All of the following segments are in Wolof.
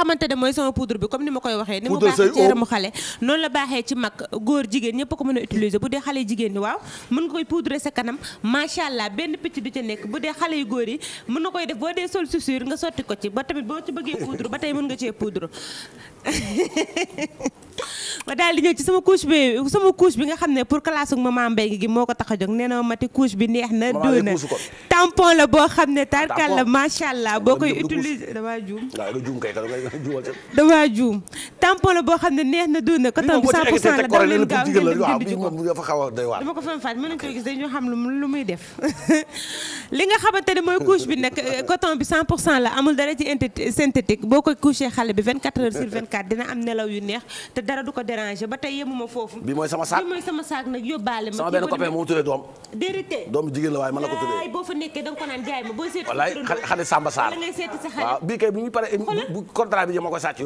xamante ne mooy sama poudre bi comme ni ma koy waxee. ni mu baaxee ci yaramu xale. noonu la baaxee ci mag góor jigéen ñëpp ko mën a utiliser bu dee xale jigéen ñi waaw mën nga koy poudre sa kanam macha allah benn picc du ca nekk bu dee xale yu góor yi mën nga koy def boo dee sol chaussure nga sotti ko ci ba tamit boo ci bëggee poudre ba tey mën nga cee poudre. ma daal di ñëw ci sama couche bi sama couche bi nga xam ne pour classe ak maman mbay gi moo ko tax a jóg nee na mati couche bi neex na. doy na tampon la boo xam ne tarkal la macha allah boo koy utiliser damaa dafa juum tampon la boo xam ne neex na dund coton bi 100% la daw leen a dama ko fan faat mën nañu koy gis dañu xam lu muy def li nga xamante mooy couche bi nag euh, coton bi 100% la amul dara ci synthétique boo ko couché xale bi mooy sama saak nag yóbbaale ma sama benn tuddee doom déedéet doom jigéen la waaye man la ko tuddee boo fa nekkee da ko naan jaay ma boo seeti wallaay franc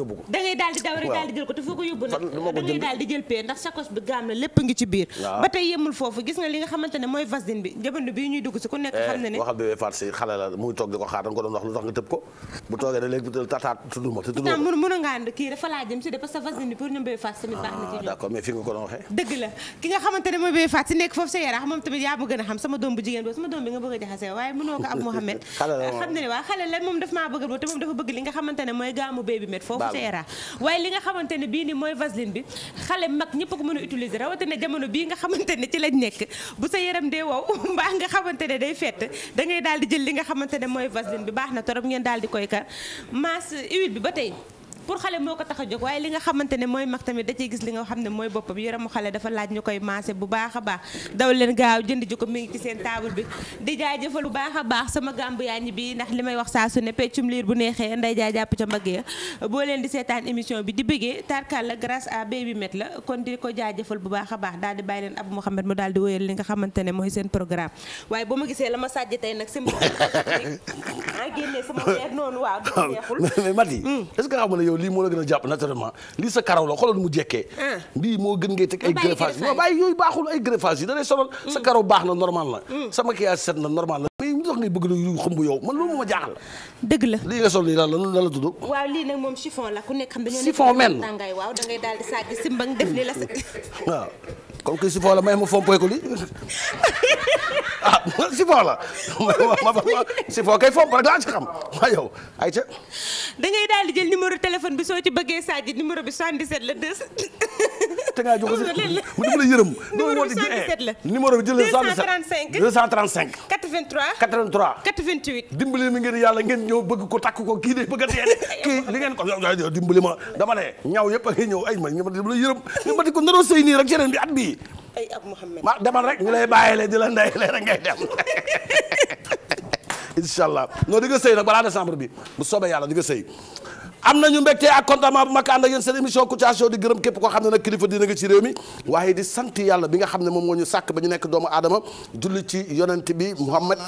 eh, ngaa kii dafa laa jëm si de parce que bi pour ñoom bébé si ah, nekk foofu sa yaraax moom tamit yaa ma gën a xam sama doom bu jigéen bi sama doom bi nga bëgg a jaxase waaye mënoo ko am Mohamed xam moom daf maa bëgg boo te moom dafa bëgg li nga xamante mooy gaamu baby met foofu ca era waaye li nga xamante ne bii ni mooy vaseline bi xale mag ñëpp ko mën a utiliser rawatina jamono bii nga xamante ne ci lañ nekk bu sa yaram dee wow mbaa nga xamante ne day fett da ngay daal di jël li nga xamante ne mooy vaseline bi baax na torop ngeen daal di koy kar maas huile bi ba tey pour xale moo ko tax a jóg waaye li nga xamante ne mooy mag tamit da gis li nga xam ne mooy boppam yaramu xale dafa laaj ñu koy maase bu baax a baax daw leen gaaw jënd ji ko mi ngi ci seen table bi di jaajëfal bu baax a baax sama gàmbu yaa bi ndax li may wax saa su ne peccum liir bu neexee nday jaay jàpp ca mbagg ya boo leen di seetaan émission bi di bëggee tarkal la a à baby met la kon di ko jaajëfal bu baax a baax daal di bàyyi leen Abou Mouhamed mu daal li nga xamante ne mooy seen programme waaye bu ma gisee la ma sàjj tey nag sama génnee sama weer noonu waaw du yow lii moo gën a jàpp naturellement lii sa karaw la xoolal mu jekkee ah. lii moo gën gee teg ay greffage non bàyyi yooyu baaxul ay greffage yi da lay sonal sa mm. karaw baax na normal la mm. sa maquillage set na normal na ngay bëgg lu xumb yow man loolu moo ma jaaxal. dëgg la lii nga sol nii lan la lan la tudd. waaw lii nag moom chiffon la ku nekk xam dañoo. chiffon men tàngaay waaw da ngay daal di saa la sa. waaw comme ah, que da ngay daal di jël numéro téléphone bi soo ci bëggee Sadji numéro bi 77 la 2. te ngaa joxe mu def la yërëm. numéro 83. 88. dimbali mi ngeen yàlla ngeen ñëw bëgg ko takk ko kii de dee kii li ngeen ko dimbali ma dama ne ñaaw yëpp a ngi ay ma ñu ma dimbali yërëm ñu ma di ko naroo nii rek ci bi at bii. ay ak Mouhamed ma demal rek ñu lay bàyyeele di la ndeyeele rek ngay dem. incha allah non di nga sëy nag balaa décembre bi mu soobee yàlla di nga sëy am nañu mbégte ak contentement bu mag ànd ak yéen seen émission Kouthia Show di gërëm képp koo xam ne nag kilifa dina nga ci réew mi waaye di sant yàlla bi nga xam ne moom moo ñu sàkk ba ñu nekk doomu aadama julli ci yonent bi Muhammad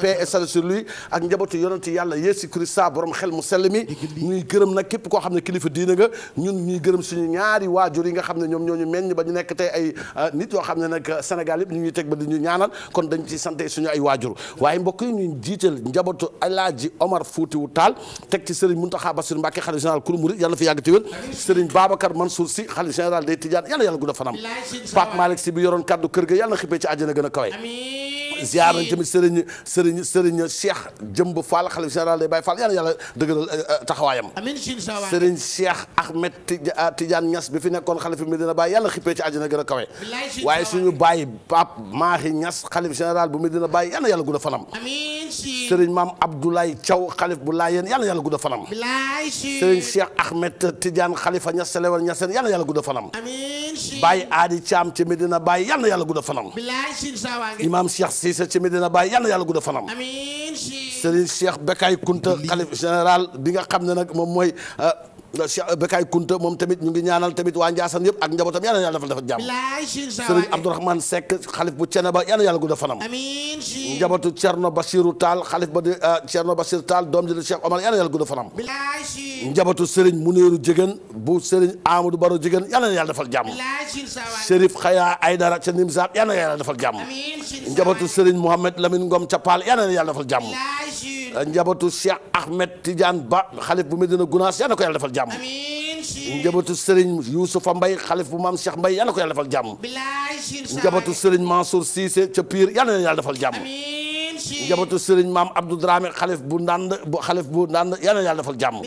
paix et salut sur lui ak njabootu yonent yàlla Yeesu xel mu sell gërëm nag képp koo xam ne kilifa diina nga ñun ñuy gërëm suñu ñaari waajur yi nga xam ne ñoom ñooñu meññ ba ñu nekk tey ay euh, nit yoo xam ne nag euh, Sénégal yi ñu ñuy teg ba di ñu ñaanal kon dañ ci sante suñu ay waajur waaye mbokk yi ñu jiital njabootu Alaaji Omar Fuutiwu Taal teg ci Sëriñ Muntaxa Basiru Mbàkke xalif général kulu murid fi yàgg te wér sëriñ si xalif général day Tidiane yàlla yàlla gudd fanam Pape Malick si bi yoroon kaddu kër ga yàlla na ci àjjana gën a kawe ziar nañ tamit sëriñ sëriñ sëriñ Cheikh Jëmb Fall xalif général day Baye Fall yàlla yàlla dëgëral euh, euh, taxawaayam sëriñ Cheikh Ahmed ah, Tidiane Niass bi fi nekkoon xalif mi dina Baye yàlla xippee ci àjjana gën a kawe waaye suñu Baye Pape Mahi Niass xalif général bu Medina Baye yàlla yàlla gudd fanam sëriñ maam Abdoulaye Thiaw xalif bu Laayeen yàlla yàlla gudd fanam sëriñ Cheikh Ahmed Tidiane xalifa Niass Selewal Niassène yàlla yàlla gudd fanam Baye Adi Thiam ci Medina Baye yàlla yàlla gudd fanam imaam Cheikh Cissé ci Medina Baye yal na yàlla gudd fanam. amiin Serigne Cheikh Bekay Kunta xalif général bi nga xam ne nag moom mooy. Euh, Cheikh Bekay Kunta moom tamit ñu ngi ñaanal tamit waa Ndiassane yëpp ak njabootam yàlla yàlla defal dafa jàmm Serigne Abdourahmane Seck xalif bu Thiénaba yàlla yàlla gudd fanam njabootu Thierno Bassirou Tall xalif ba di euh, Thierno Bassirou Tall doom ji di Cheikh Omar yàlla yàlla gudd fanam njabootu bu Serigne Amadou Baro Jigéen yàlla yàlla defal jàmm Chérif Khaya Aydara ca Nimzaat yàlla yàlla defal jàmm njabootu Serigne Mohamed Lamine Ngom ca Paal yàlla defal jàmm njabootu Cheikh Ahmed Tidiane Ba xalif bu Medina Gounass yàlla ko yàlla defal jàmm jàmm njabootu Serigne Youssoufa Mbaye xalif bu maam sheikh Mbaye yàlla ko yàlla defal jàmm njabootu Serigne Mansour Cissé ca Pire yàlla na yàlla defal jàmm njabootu Serigne maam Abdou Dramé xalif bu ndànd bu xalif bu ndànd yàlla na yàlla defal jàmm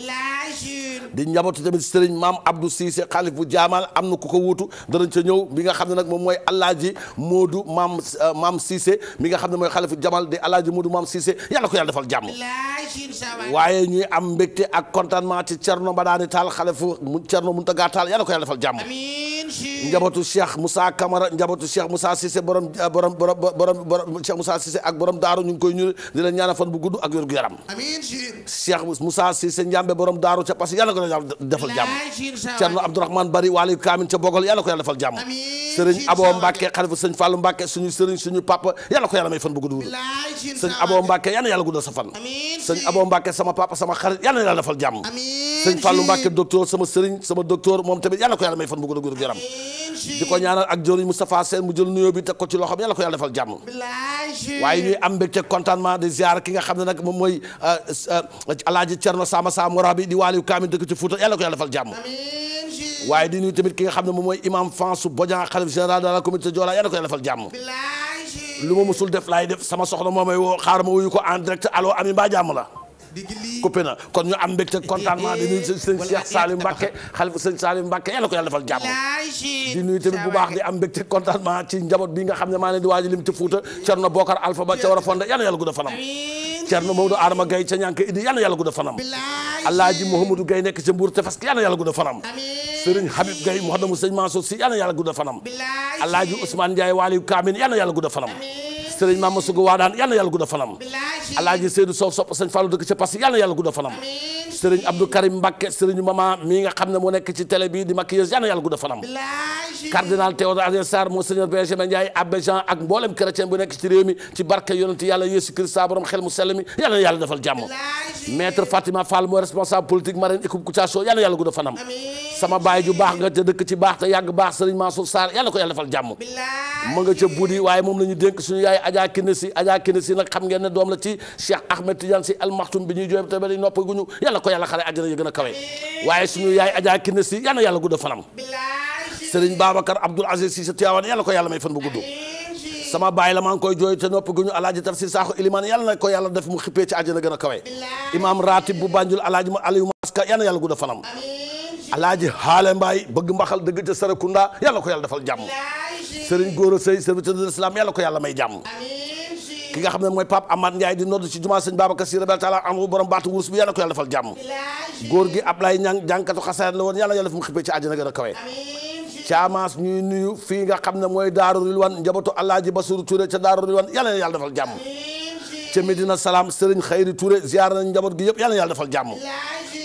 di njabootu tamit sëriñ maam Abdou Cissé xaalif bu am na ku ko wuutu danañ ca ñëw bi nga xam ne nag moom mooy alaaji Moodu maam euh, maam Cissé mi nga xam ne mooy xaalif jamal jaamal di alaaji Moodu maam Cissé yàlla ko yàlla defal jàmm waaye ñuy am mbégte ak contentement ci Cerno Mbadaani Taal xaalif bu Cerno Muntaga Taal yàlla ko yàlla defal jàmm njabootu Cheikh Moussa Camara njabootu Cheikh Moussa Cissé borom euh, borom borom borom Cheikh Moussa Cissé borom daaru ñu ngi koy ñu di leen ñaanal fan bu gudd ak wér gu yaram Cheikh Moussa Cissé njàmbe borom daaru ca parce que ko yàlla defal jàmm Cerno Abdourahmane Bari waali Kaamin ca Bogol yàlla ko yàlla defal jàmm sëriñ Abo Mbàkke xalifa sëñ Fàllu Mbàkke suñu sëriñ suñu papa yàlla ko yàlla may fan bu gudd wul sëñ Abo Mbàkke yàlla yàlla guddal sa fan sëñ Abo Mbàkke sama papa sama xarit yàlla yàlla defal jàmm sëñ Fàllu Mbàkke docteur sama sëriñ sama docteur moom tamit yàlla ko yàlla may fan bu gudd gudd di ko ñaanal ak jëriñ Moustapha Sène mu jël nuyoo bi teg ko ci loxoom yàlla ko yàlla defal jàmm waaye ñuy am mbégte contentement de ziar ki nga xam ne nag moom mooy euh, euh, alaaji Cerno Sama Sama Mora bi di waaliyu kaamil dëkk ci Fuuta yàlla ko yàlla defal jàmm waaye di nuyu tamit ki nga xam ne moom mooy imam Fansu Bodian xalif général de la communauté Joola yàlla ko yàlla defal jàmm lu ma musul def laay def sama soxna moo may woo xaar ma wuyu ko en direct allo ami mbaa jàmm la coupé na kon ñu am mbégte contentement di nuyu sëñ Cheikh Salim Mbacké xalifa sëñ Salim ko yàlla defal jàmm di nuyu tamit bu baax di am mbégte contentement ci njaboot bi nga xam ne maa leen di waaj lim ci Fuuta Cerno Bokar Alpha Ba war a fonde yàlla yàlla gudda fanam Cerno Maodo Adama Gaye ca ñànk idi yàlla yàlla gudda gudda fanam Sëriñ Habib Gaye Mouhamadou Sëñ Mansour Si yàlla yàlla gudda fanam sëriñ Maama Sugu Waadaan yal na yàlla gudda fanam alaaji Seydou Sow sopp sëñ Fallou dëkk ca Pass yal yàlla gudda fanam sëriñ Abdou Mbakke sëriñ Mama mi nga xam ne mu nekk ci télé bi di maquilleuse yàlla gudda fanam cardinal Théodore Adrien Sarr Monseigneur Benjamin Ndiaye abbé Jean ak mboolem chrétien bu nekk ci réew mi ci barke yonent yàlla Yeesu Christ sa xel mu sell mi yàlla defal jàmm maître Fatima Fall mooy responsable Adja Kine si Adja Kine si nag xam ngeen ne doom la ci Cheikh Ahmed Tidiane si Al Maktoum bi ñuy jooy te ba nopp guñu yàlla ko yàlla xale àjjana yi gën a kawe waaye suñu yaay Adja Kine si yàlla yàlla gudd fanam Serigne Babacar Abdoul Aziz si sa Tiwaawan yàlla ko yàlla may fan bu gudd sama baay la maa ngi koy jooy te nopp guñu alaaji tafsir saaxu ilimaan na ko yàlla def mu xippee ci àjjana gën a kawe imaam ratib bu Banjul alaaji Aliou Maska yàlla yàlla gudd fanam alaaji xaale mbaay bëgg mbaxal dëgg ca Sarakunda yalla ko yalla defal jàmm sëriñ Gora Seye serviteur de l'islam yàlla ko yàlla may jàmm ki nga xam ne mooy Pape Amad Ndiaye di nodd ci jumaa sëñ Babacar Sy rabal taala am borom baatu wurus bi yàlla ko yàlla defal jàmm góor gi Ablaye Niang jànkatu xasaan la woon yàlla yàlla fi mu xippee ci àjjana gën a kawe caamaas ñuy nuyu fii nga xam ne mooy Daaru Rilwan njabootu Alaaji Basiru Touré ca Daaru Rilwan yàlla yàlla defal jàmm ca na Salaam Serigne Xayri Touré ziar nañ njaboot gi yëpp yàlla yàlla defal jàmm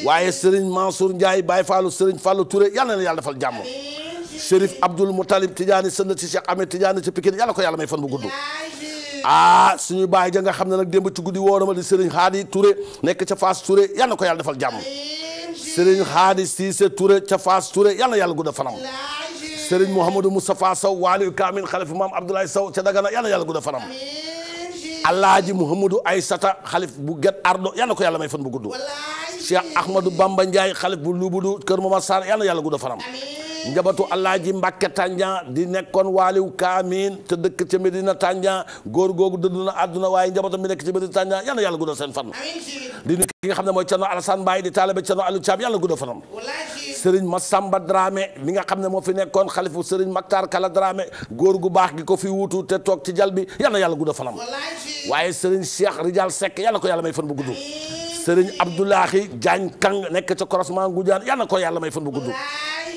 waaye Serigne Mansour Ndiaye Baye Fallou Serigne Fallou Touré yàlla yàlla defal jàmm Chérif Abdoul Moutalib Tidiane sënna ci Cheikh Ahmed Tidiane ci Pikine yàlla ko yàlla may fan bu gudd ah suñu baay ja nga xam ne nag démb ci guddi woona ma di Serigne Hadi Touré nekk ca Fass Touré yal na ko yàlla defal jàmm Serigne Hadi Cissé Touré ca Fass Touré yal na yàlla gudda fanam Serigne Mouhamadou Moustapha Sow Waliyu Kamil xalif maam Abdoulaye Sow ca Dagana yal na yàlla gudda fanam Alaaji Mouhamadou Aysata xalif bu Guet Ardo yal na ko yàlla may fan bu gudd Cheikh Ahmadou Bamba Ndiaye xalif bu Louboudou Kër Momar Sarr yal na yàlla gudda fanam njabatu alaaji mbàkke tànjan di nekkoon waaliw kaamin te dëkk ca Medina tànjan góor googu dëddu na àdduna waaye njabatu mi nekk ci Medina tànjan yal na yàlla guddal seen fan di nit ki nga xam ne mooy Cerno Alassane Mbaye di taalibe Cerno Aliou Thiam yàlla guddal fanam ma Massamba Dramé mi nga xam ne moo fi nekkoon xalifu Serigne Maktar Kala Dramé góor gu baax gi ko fi wuutu te toog ci jal bi yal na yàlla guddal fanam waaye Serigne Cheikh Rijal sekk yàlla ko yàlla may fan bu gudd sëriñ Abdoulahi Diagne Kang nekk ca croisement Ngoudiane yal ko yàlla may fan bu gudd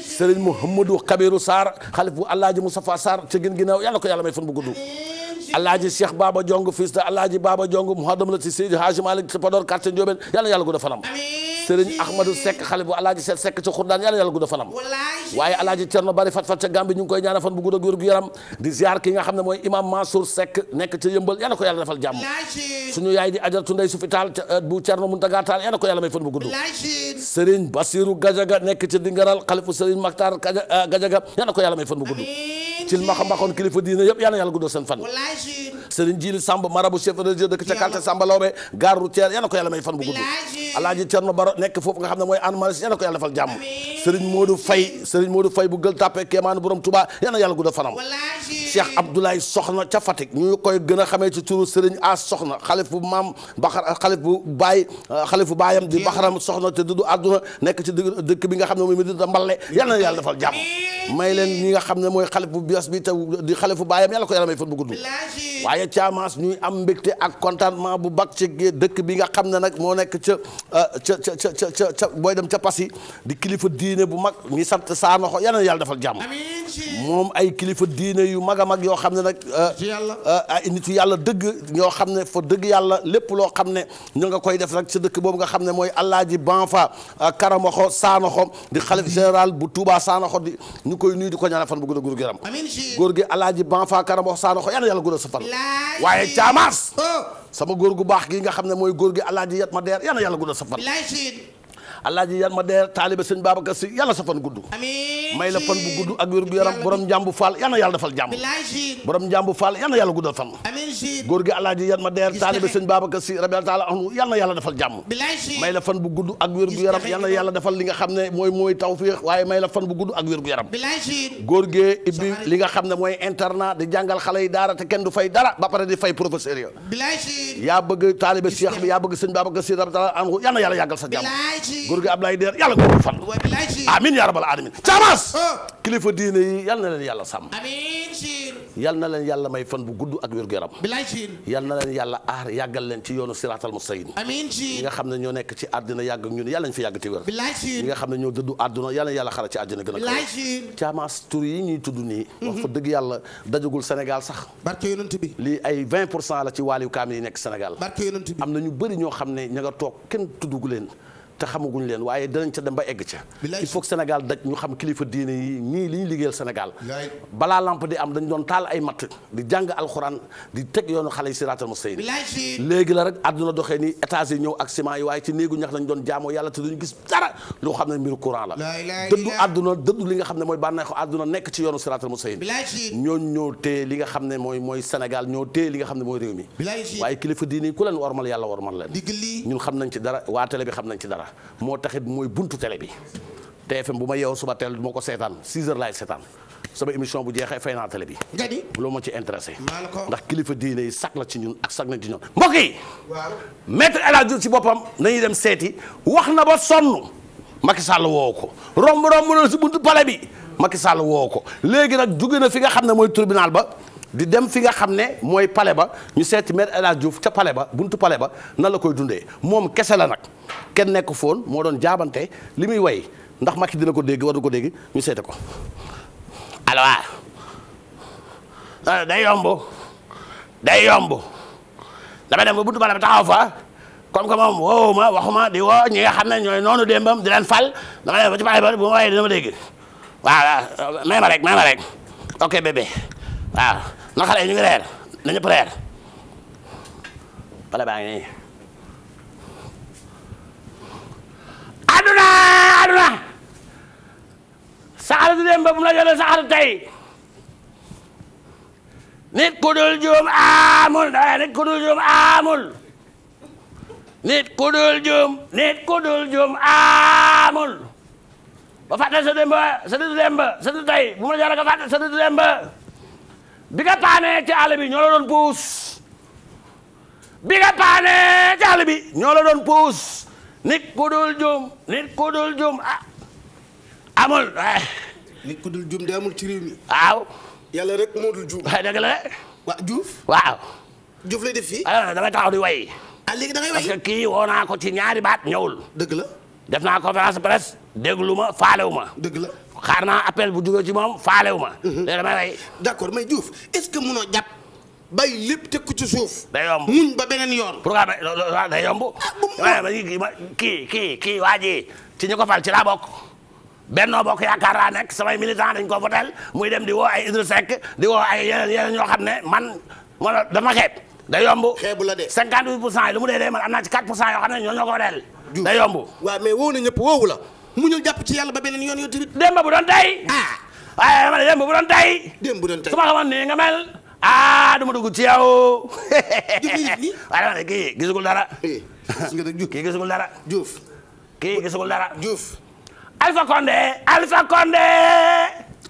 sëriñ Mouhamadou Kabirou Sarr xalif bu Alaaji Moustapha Sarr ca gën ginnaaw yal na ko yàlla may fan bu gudd alaaji Cheikh Baba Jong fils de alaaji Baba Jong muhaddam la ci Seydi Hadji Malick ci Podor quartier Ndiobène yàlla yàlla gudd fanam Serigne Ahmadou Seck xale bu alaaji Seck Seck ci Xurdaan yàlla fanam waaye alaaji Cerno bari fat fat ca Gambie koy ñaanal fan bu gudd ak gu yaram di ziar ki nga xam ne mooy imam Mansour Seck nekk ca yëmbal yàlla ko yàlla defal jàmm suñu yaay di ajartu ndey su euh, bu Cerno Muntaga taal yàlla ko yàlla may fan bu gudd ci li ma xam waxoon kilifa diine yëpp yal na yàlla guddal seen fan Serigne Jili Samb marabu chef religieux dëkk ca Kalté Samba Lawbe gare routière yal na ko bu gudd Alaaji Cerno Baro yal na ko yàlla defal jàmm Serigne Modou Faye Serigne Modou Faye bu gël na yàlla guddal a xamee ci turu bu maam Baxar xalif bu baay xalif bu bi nga xam ne mooy Medina Mballe yal na yàlla defal jàmm may ñi nga xam ne mooy xalif bu Niass bi di xale fu baayam yàlla ko yàlla may fan bu gudd waaye caamaas ñuy am mbégte ak contentement bu bak ci dëkk bi nga xam ne nag moo nekk euh, ca ca ca ca ca booy dem ca Passy di kilifa diine bu mag ñi sant saanoxo yal yàlla defal jàmm moom ay kilifa diine yu mag a mag yoo xam ne nag euh, euh, ay nit yàlla dëgg ñoo xam ne foo dëgg yàlla lépp loo xam ne ñu nga koy def rek ca dëkk boobu nga xam ne mooy Alaaji Banfa Karamoxo Saanoxo di xalif général bu Touba Saanoxo di di ko ñaanal fan bu a gudd gëram góor gi alaaji banfa karam wax saano ko yalla yàlla guddal sa fan waaye caamaas oh. sama góor gu baax gii nga xam ne mooy góor gi alaaji yat ma deer yalla yàlla guddal sa fan alaaji yan ma dee taaliba sëñ Babacar Si yàlla sa fan gudd may la fan bu gudd ak wér gu yaram borom njàmbu faal yal na yàlla defal jàmm borom njàmbu faal yal na yàlla guddal fan góor gi yan ma dee taaliba sëñ Babacar Si rabi taala anu yal na yàlla defal jàmm may la fan bu gudd ak wér gu yaram yal yàlla defal li nga xam ne mooy mooy tawfiix waaye may la bu gudd ak wér gu yaram góor gee ibbi li nga xam ne mooy internat di jàngal xale yi daara kenn du fay dara ba pare di fay professeur ya yaa bëgg taaliba Cheikh bi yaa bëgg sëñ Babacar Si rabi taala anu yal na yàlla yàggal sa jàmm surga Ablaye Der yàlla ko fan. amiin yaa rabbal alamin Thiamas. Oh. kilifa diine yi yal na leen yàlla sàmm. amiin siir. yal na leen yàlla may fan bu gudd ak wér gu yaram. bilaay siir. yal na leen yàlla aar yàggal leen ci yoonu siraatal mustaqim. amiin siir. ñi nga xam ne ñoo nekk ci àddina yàgg ak ñun yàlla ñu fi yàgg te wér. bilaay siir. ñi nga xam ne ñoo dëddu àdduna yàlla yàlla xara ci àddina gën a. bilaay siir. Thiamas tur yi ñuy tudd nii. Mhm. wax fa dëgg yàlla dajagul Sénégal sax. barke yonent bi. lii ay 20 pour cent la ci waaliyu kaamil yi nekk Sénégal. barke yonent bi am na ñu bëri ñoo xam ne ña nga toog kenn tuddugu leen te xamaguñ leen waaye danañ ca dem ba egg ca il faut que Sénégal daj ñu xam kilifa diine yi ñii li ñu liggéeyal Sénégal balaa lamp di am dañ doon taal ay matt di jàng alxuraan di teg yoonu xale yi siraatal mustaqim léegi la rek àdduna doxee ni états ñëw ak ciment yi waaye ci néegu ñax lañ doon jaamoo yàlla te duñu gis dara loo xam ne mbiru courant la dëddu àdduna dëddu li nga xam ne mooy bànneexu àdduna nekk ci yoonu siraatal mustaqim ñoo ñoo téye li nga xam ne mooy mooy Sénégal ñoo téye li nga xam ne mooy réew mi waaye kilifa diine yi ku leen warmal yàlla warmal leen ñun dara waa télé bi xam nañ ci dara moo taxit mooy buntu télé bi te TFM bu ma yeewoo suba teel du ma ko seetaan 6 heures laay seetaan sama émission bu jeexee fay naa télé bi. nga di loolu moo ci intéressé. ndax kilifa diine yi sag la ci ñun ak sag nañ ci ñun mbokk yi. waaw maître El Hadj ci boppam nañuy dem seeti wax na ba sonn Macky Sall woo ko romb romb na si buntu palais bi Macky Sall woo ko léegi nag jóge na fi nga xam ne mooy tribunal ba. di dem fi nga xam ne mooy pale ba ñu seeti maître El Hadj ca pale ba buntu pale ba nan la koy dundee moom kese la nag kenn nekk foon moo doon jaabante li muy way ndax Macky dina ko dégg ko dégg ñu seete ko ah. Ah, day yomb day yomb dama dem ba buntu pale ba taxaw fa comme que moom woowu ma waxuma di xam ne ñooy noonu démbam di leen fal dama dem ba dina ma dégg waaw waaw rek may ma rek ok bébé waaw na xale yi ñu ngi reer na ñëpp reer baa ngi nii aduna aduna saxaru si dem ba mu la jëlee saxaru tey nit ku amul dara nit ku dul juum amul nit ku dul nit ku dul amul ba fàtte sa dem ba sa dem sa tey sa dem bi nga paanee ci àll bi ñoo doon puus bi nga paanee ci àll bi ñoo la doon puus nit ku dul juum nit ku dul juum ah amul nit ku dul juum de amul ci mi waaw yàlla rek moo dul juum dëgg la waaw juuf lay def fii ah damay taxaw di way ah léegi da ngay woo naa ko ñaari baat ñëwul dëgg la def naa conférence presse déglu ma faalewu ma dëgg la xaar naa appel bu jóge ci moom faalewu ma. Mhm. léegi damay way d'accord mais Diouf est-ce que munoo jàpp bay lépp te ko ci suuf. day yomb muñ ba beneen yoon. pour nga xam day yomb. ah ki kii kii kii waa ji ci ñu ko fal ci laa bokk. Benno Bokk Yaakaar laa nekk samay militant dañ ko votel muy dem di woo ay Idrissa Seck di woo ay yeneen yeneen ñoo xam ne man ma dama xeeb. day yomb xeebu la am naa ci 4 pour cent yoo ne ñoo ñoo ko votel. day yomb. waaw mais woo na ñëpp woowu mu muñul jàpp ci yàlla ba beneen yoon yow tamit. démb bu doon tey. ah waaye ma ne démb bu doon tey. démb bu ma xamoon nii nga mel. aa ah, du ma dugg ci yow. nii waaye dama ne kii gisugul dara. Eh, kii gisugul dara. Diouf kii gisugul dara. Diouf. Alpha Condé Alpha Condé.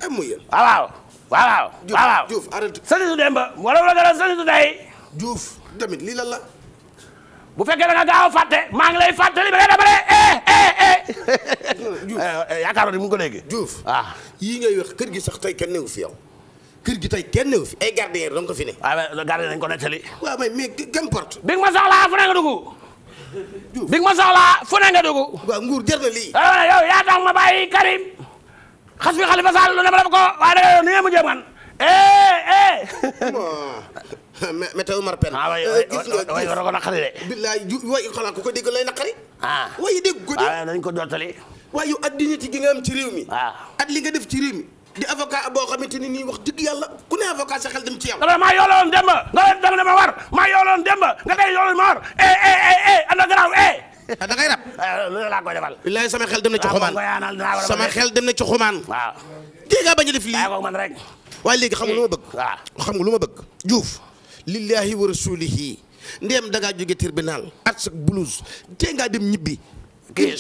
am mu yéen waaw waaw. Diouf Diouf arrêté. sëñ bu fekkee da nga gaaw a fàtte maa ngi lay fàttali ba nga dama ne eh eh eh. eh, eh yaakaaroon ni mu ko léegi. Diouf ah. yii ngay wax kër gi sax tey kenn newu fi yow. kër gi tey kenn newu fi ay gardien da nga ko fi ne. waaw ah, gardien dañ ko nettali. waaw mais ma soxlaa fu ne nga dugg. ma soxlaa fu ne nga dugg. nguur jar na lii. Ah, yow yaa tax ma Karim xas bi Khalifa lu ne ma def ko waaye da nga yow ni ngeen mujjee man eh, eh. météo Umar Pène. ah waay waay waay ko ju waay ko dégg lay naqari. ah waay ko de. waaw ah, nañ ko dootali. waaye yow at dignité gi nga am ci réew mi. waaw ah. at li nga def ci réew mi. di avocat boo xamante ni nii wax dëgg yàlla ku ne avocat sa dem ci yow. dama maa yooloon demba nga leen dama ma war maa yooloon demba nga koy yooloon ma war eh eh sama xel dem na ci xumaan sama xel dem na ci xumaan. waaw. dégg nga bañ a def lii. waaye léegi xam nga lu ma bëgg. waaw xam nga lu ma bëgg lillahi wa rasulihi ndéem da ngaa jóge tribunal at sa blouse dem ñibbi. kii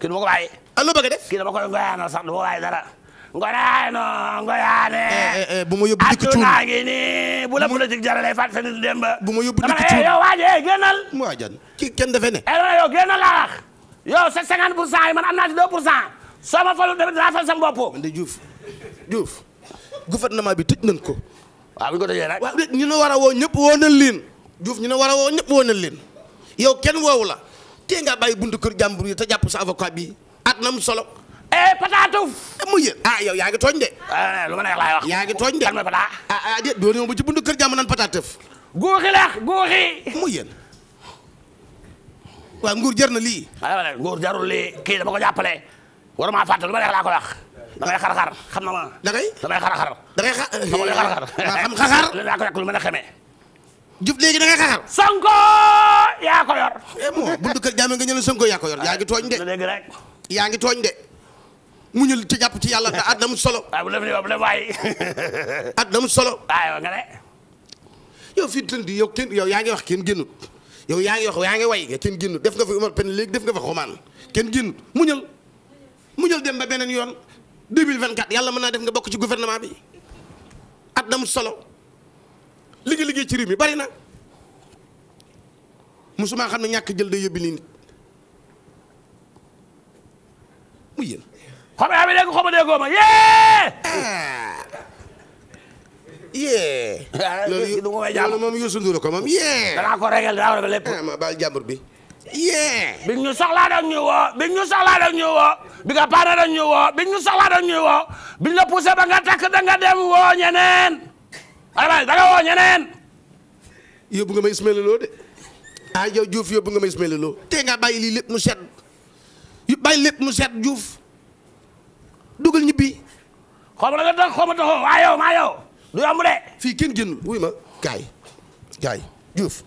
du ma ko bàyyi. ah loo kii du ma ko bàyyi dara. ngoyaane ngoyaane. Eh, eh, eh, bu ma yóbbu dikk tuur adduna ngi nii bu la politique jaralee bu ma yóbbu dikk tuur yow waaje génnal. waajan kii kenn defee ne. yow génnal laa wax. yow sa 50 pour cent yi man am naa ci cent soo ma falu tamit dinaa fal sa bopp. man de bi tëj nañ ko. waaw bu ñu ko tojee nag. waaw war a woo ñëpp woo nañ leen Diouf ñu ne war woo ñëpp woo nañ leen yow kenn wow la tee ngaa bàyyi buntu kër jàmbur yi te jàpp sa avocat bi at na mu solo. eh pataatu. Eh, mu yër ah yow yaa tooñ de. Eh, lu ma neex laay wax. yaa ngi tooñ de aa ma pataat. ah ah, ah déet doo ci buntu kër jàmbur naan pataatëf. góoxi la góoxi. Eh, mu yër waaw nguur jar na lii. waaw nguur jarul lii kii dama ko jàppale waruma fàtte lu ma neex laa ko wax. da ngay xar-xar xam na ma. da ngay da ngay xar-xar. da ngay eh, eh, xar eh, xam xar-xar. yaa ko yàqul mën a xamee. jub léegi da ngay xar. Sonko yaa ko yor. moom bu dul kër jaam nga ñu ne Sonko yaa ko yor yaa ngi tooñ de. léegi rek. yaa ngi tooñ de. muñul ci jàpp ci yàlla te at na mu solo. waaw bu la fi bu la waay. at na mu solo. waaw nga ne. yow fii tën di yow kenn yow yaa ngi wax kenn génnut yow yaa ngi wax yaa ngi way kenn génnut def nga fi Umar Pen léegi def nga fa xumaan kenn génnut muñal muñal dem ba beneen yoon 2024 yàlla mën naa def nga bokk ci gouvernement bi at na solo li nga liggéey ci réew mi bari na musuma xam ne ñàkk jël day yóbbi nii nit mu yéen. xob yaa ngi dégg xobu ma yee. yee. loolu yee. danaa ko régal ah, jàmbur bi. yee bi ñu soxlaa dañ ñu woo woo bi ñu woo bi ñu soxlaa woo bi ñu la poussé takk da dem woo ñeneen waaye da nga woo ñeneen yóbbu nga ma Ismaël Lo de ah yow yóbbu nga ma Ismaël Lo te nga bàyyi lii lépp mu set yu bàyyi lépp mu set Diouf dugal ñibbi xaw nga tax xaw ma du yomb de fii kenn génnul wuy ma gaay gaay Diouf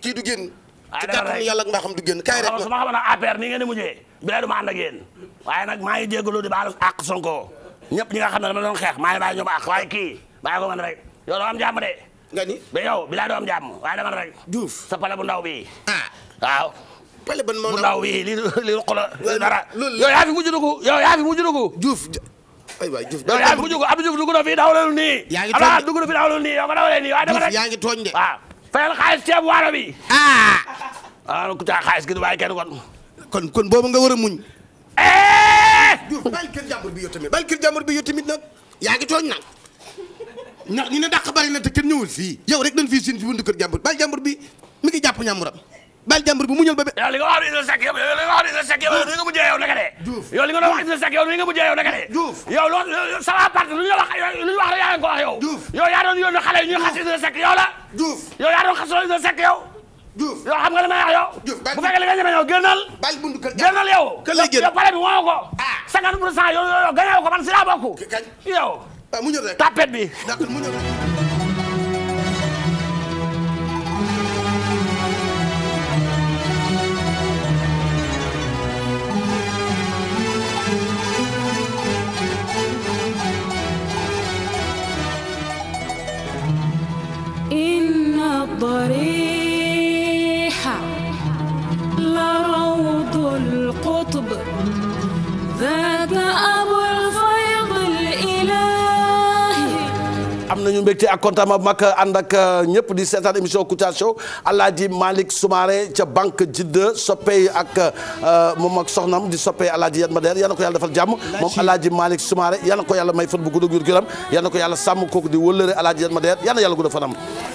kii du génn ci kàttan yàlla ak mbaaxam du génn kaay rek su ma xamoon APR nii ngeen di maa ngi jégalu di baalu àq Sonko ñëpp ñi nga xam ne dama doon xeex maa ngi bàyyi ñoom àq waaye kii bàyyi am jàmm de nga ni ba am jàmm waaye dama rek Diouf bu ndaw bi ah waaw pale ban moo bu bi li li ruq la dara yow yaa fi mujj dugg yow yaa fi mujj dugg Diouf aywa Diouf yow yaa fi mujj dugg Abdou Diouf nii yaa ngi tooñ de dugg na fi dawalul nii nii waaye tooñ de fayal xaalis ceeb waaro bi. ah. ah ku caa xaalis gi du bàyyi kenn kon. kon kon boobu nga war a muñ. Eh! Diouf bàyyi kër bi yow tamit bàyyi kër jàmbur bi yow tamit nag yaa ngi tooñ nag ndax ñu ne dàq bari na te kenn ñëwul fii yow rek dañ fii sin fi buntu kër jàmbur bàyyi jàmbur bi mi ngi jàpp ñàmburam baal jàmbur bi mu ñëw ba. yow li nga wax Idrissa Seck yow li nga wax Idrissa Seck yow li nga mujjee yow naka de. Diouf yow li nga wax Idrissa Seck yow li nga mujjee yow naka de. Diouf yow loolu ça va partir lu la. Diouf yow yaa doon xasuloo Idrissa Seck yow. Diouf yow xam nga li bu fekkee li nga ñeme yow génnal. bàyyi bundu kër génnal yow. kër lay ko. ah 50 pour cent yow yow gañe ko man si laa bokk. Ah, tapet bi. ضريحة لروض القطب ذات أبو الفيض الإلهي am nañu mbégte ak kontaan bu mag ànd ak uh, ñëpp di seetaan émission Kouthia Show Alaaji Malick ca banque Jidda soppey ak uh, moom ak soxnam di soppey Alaaji Yatma Der yal na ko yàlla defal jàmm moom Alaaji Malick Soumaré yal ko yàlla may fan bu gudd ak wér gu ko yàlla sàmm kooku di wëllëre Alaaji Yatma Der yal na yàlla gudd fanam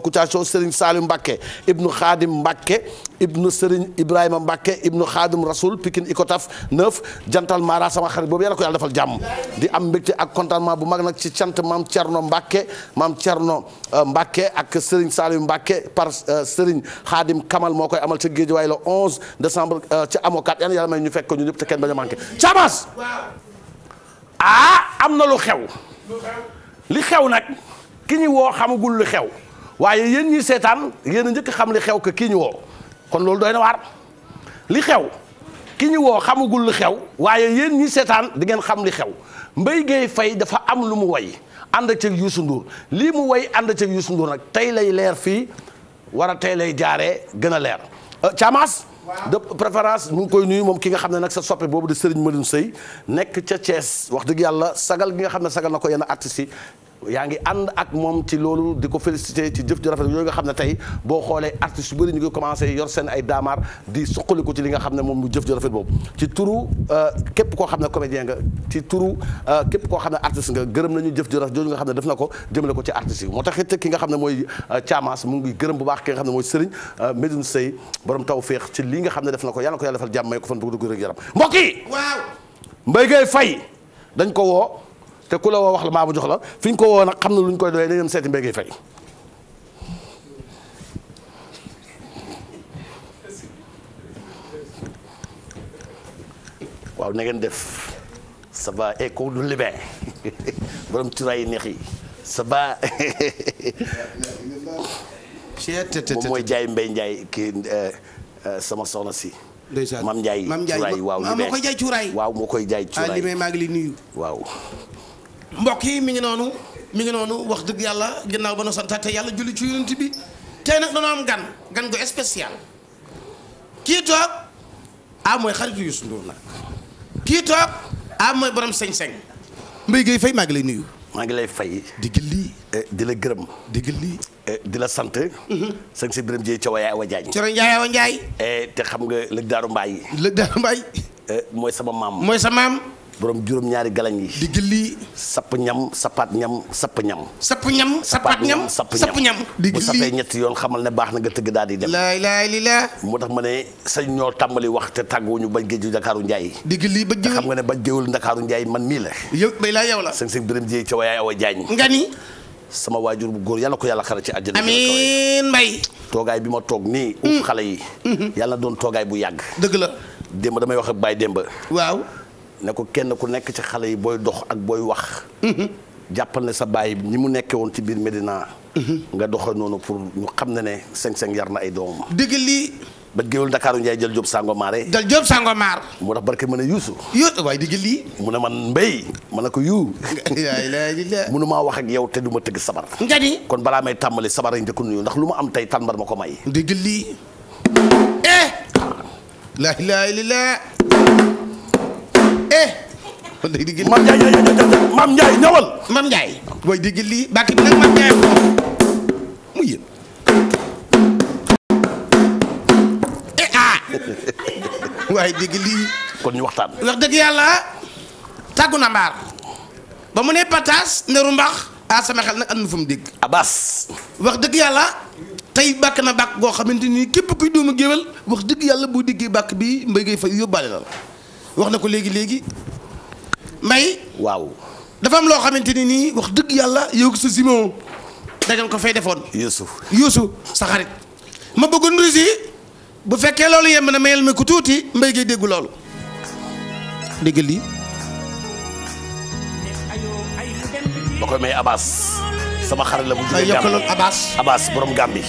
xalifa Kouthia Show Serigne mbakke Mbacke ibnu Khadim Mbacke ibnu Serigne Ibrahima Mbacke ibnu Khadim Rasoul Pikine Ikotaf 9 jantal Mara sama xarit boobu yàlla ko yàlla defal jàmm di am mbégte ak contentement bu mag nag ci cant maam Thierno Mbacke maam Thierno euh, mbakke ak Serigne Salim Mbacke par euh, Serigne Khadim Kamal moo koy amal ca Guédiawaye le 11 décembre euh, ca amokat yan yàlla may ñu fekk ko ñun ñëpp kenn bañ a manqué Thiamas ah, am na lu xew li xew nag ki ñu woo xamagul lu xew waaye yéen ñi seetaan yéen a njëkk xam li xew que kii ñu woo kon loolu doy na waar li xew ki ñu woo xamagul li xew waaye yéen ñi seetaan di ngeen xam li xew Mbaye Gueye Faye dafa am lu mu way ànd ak Youssou nduur lii mu woy ànd ak Youssou Ndour nag tey lay leer fii war a tey lay jaaree gën a leer euh, Thiamas de préférence ñu ngi koy nuyu moom ki nga xam ne nag sa soppe boobu di Serigne Malioune Seye nekk ca cees wax dëgg yàlla sagal gi nga xam ne sagal na ko yenn artistes yaa ngi ànd ak moom ci loolu di ko félicité ci jëf ju rafet yooyu nga xam ne tey boo xoolee artistes yu bëri ñu ngi commencé yor seen ay daamaar di suqaliku ci li nga xam ne moom mu jëf ju rafet boobu ci turu euh, képp koo xam ne comédien nga ci euh, koo xam ne artiste nga gërëm nañu jëf ju rafet jooju nga xam ne def na ko jëmale ko ci artistes yi moo tax it ki nga xam ne mooy euh, Thiamas mu ngi gërëm bu baax ki nga xam ne mooy Serigne Medoune Seye borom taw féex ci li nga xam ne def na ko yàlla na ko yàlla defal jàmm ko fan bu dugg rek yaram mbokk yi waaw Mbaye Gueye Faye dañ ko woo te ku la woo wax la maa bu jox la fi ñu ko woo nag xam na lu ñu koy doyee dañu dem seeti mbéy fay. waaw def ça va et ko yi ça va moom mooy jaay mbay njaay kii euh, euh, sama soxna si mam njaay mam njaay waaw moo koy jaay cuuraay waaw moo koy jaay cuuraay ah, maa waaw mbokk yi mi ngi noonu mi ngi noonu wax dëgg yàlla ginnaaw ba nu santaate yàlla julli ci yonent bi tey nag dañoo am gan gan ko spécial kii toog ah mooy xaritu Youssou Ndour nag kii toog ah mooy borom sañ-sañ Mbaye Gueye Faye maa ngi lay nuyu. maa ngi lay fay. di gilli eh, di la gërëm. di gilli eh, di la sant. Mm-hmm. sëñ si biram jëye ca waay awa Ndiaye. Coro eh, Ndiaye te xam nga lëg daaru mbaay. lëg daaru mbaay. mooy sama maam. maam. borom juróom-ñaari galañ yi. di gilli sapp ñam sapaat ñam sapp ñam. sapp ñam sapaat ñam sapp ñam. di gilli bu safee ñetti yoon xamal ne baax na nga tëgg daal di dem. laay li la. moo tax ma ne sañ ñoo tàmbali wax te tàgguwuñu bañ géeju Ndakaaru Njaay. di gilli ba jëwul xam nga ne bañ géewul Ndakaaru Njaay man mii la. yow bay laa yow la. sëñ sëñ Birame Dieye ca wayaay awa jaañ. nga ni. sama waajur bu góor yàlla ko yàlla xara ci àjjana. amiin mbay. toogaay bi ma toog nii. uuf mm. xale yi. Mm-hmm. yàlla doon toogaay bu yàgg. dëgg la démb damay wax ak Baye Demba. ne ko kenn ku nekk ci xale yi booy dox ak booy wax. jàppal ne sa baay ni mu nekkee woon ci biir Medina. nga doxee noonu pour ñu xam ne ne seng-seng yar na ay doom dëgg lii. ba géwél Ndakaaru Ndiaye jël Jóob Sangomaare. jël Jóob Sangomaar. moo tax barke ma ne Yuusu. Yuusu waaye dëgg lii. mu ne man mbéy ma ne ko yuu. mënu maa wax ak yow te duma tëgg sabar. nga ni kon balaa may tàmbali sabar yi njëkk nuyu ndax lu ma am tey tàmbar ma ko may. dëgg lii. eh. la ilaha eh. kon day digg lii Mame way digg lii bàkk bi nag Mame waaye digg lii. kon ñu waxtaan. wax dëgg yàlla tàggu na mbaar. ba mu ne pataas nderu mbax. a ah, sama xel nag am na fu mu dégg. Abbas. wax dëgg yàlla tey bàkk na bàkk goo xamante nii képp kuy doomu géwél wax dëgg yàlla boo déggee bàkk bi mbéy fa fay yóbbaale la. wax na ko léegi léegi may waaw dafa am loo xamante ni nii wax dëgg yàlla yow sa simon da ko fay defoon. Youssou Youssou sa xarit. ma bëggoon rusi bu fekkee loolu yem na mayel ma ku tuuti mbay gi déggu loolu dégg lii. ba koy may Abbas sama xarit la bu. jugee Gambie Abbas borom Gambie.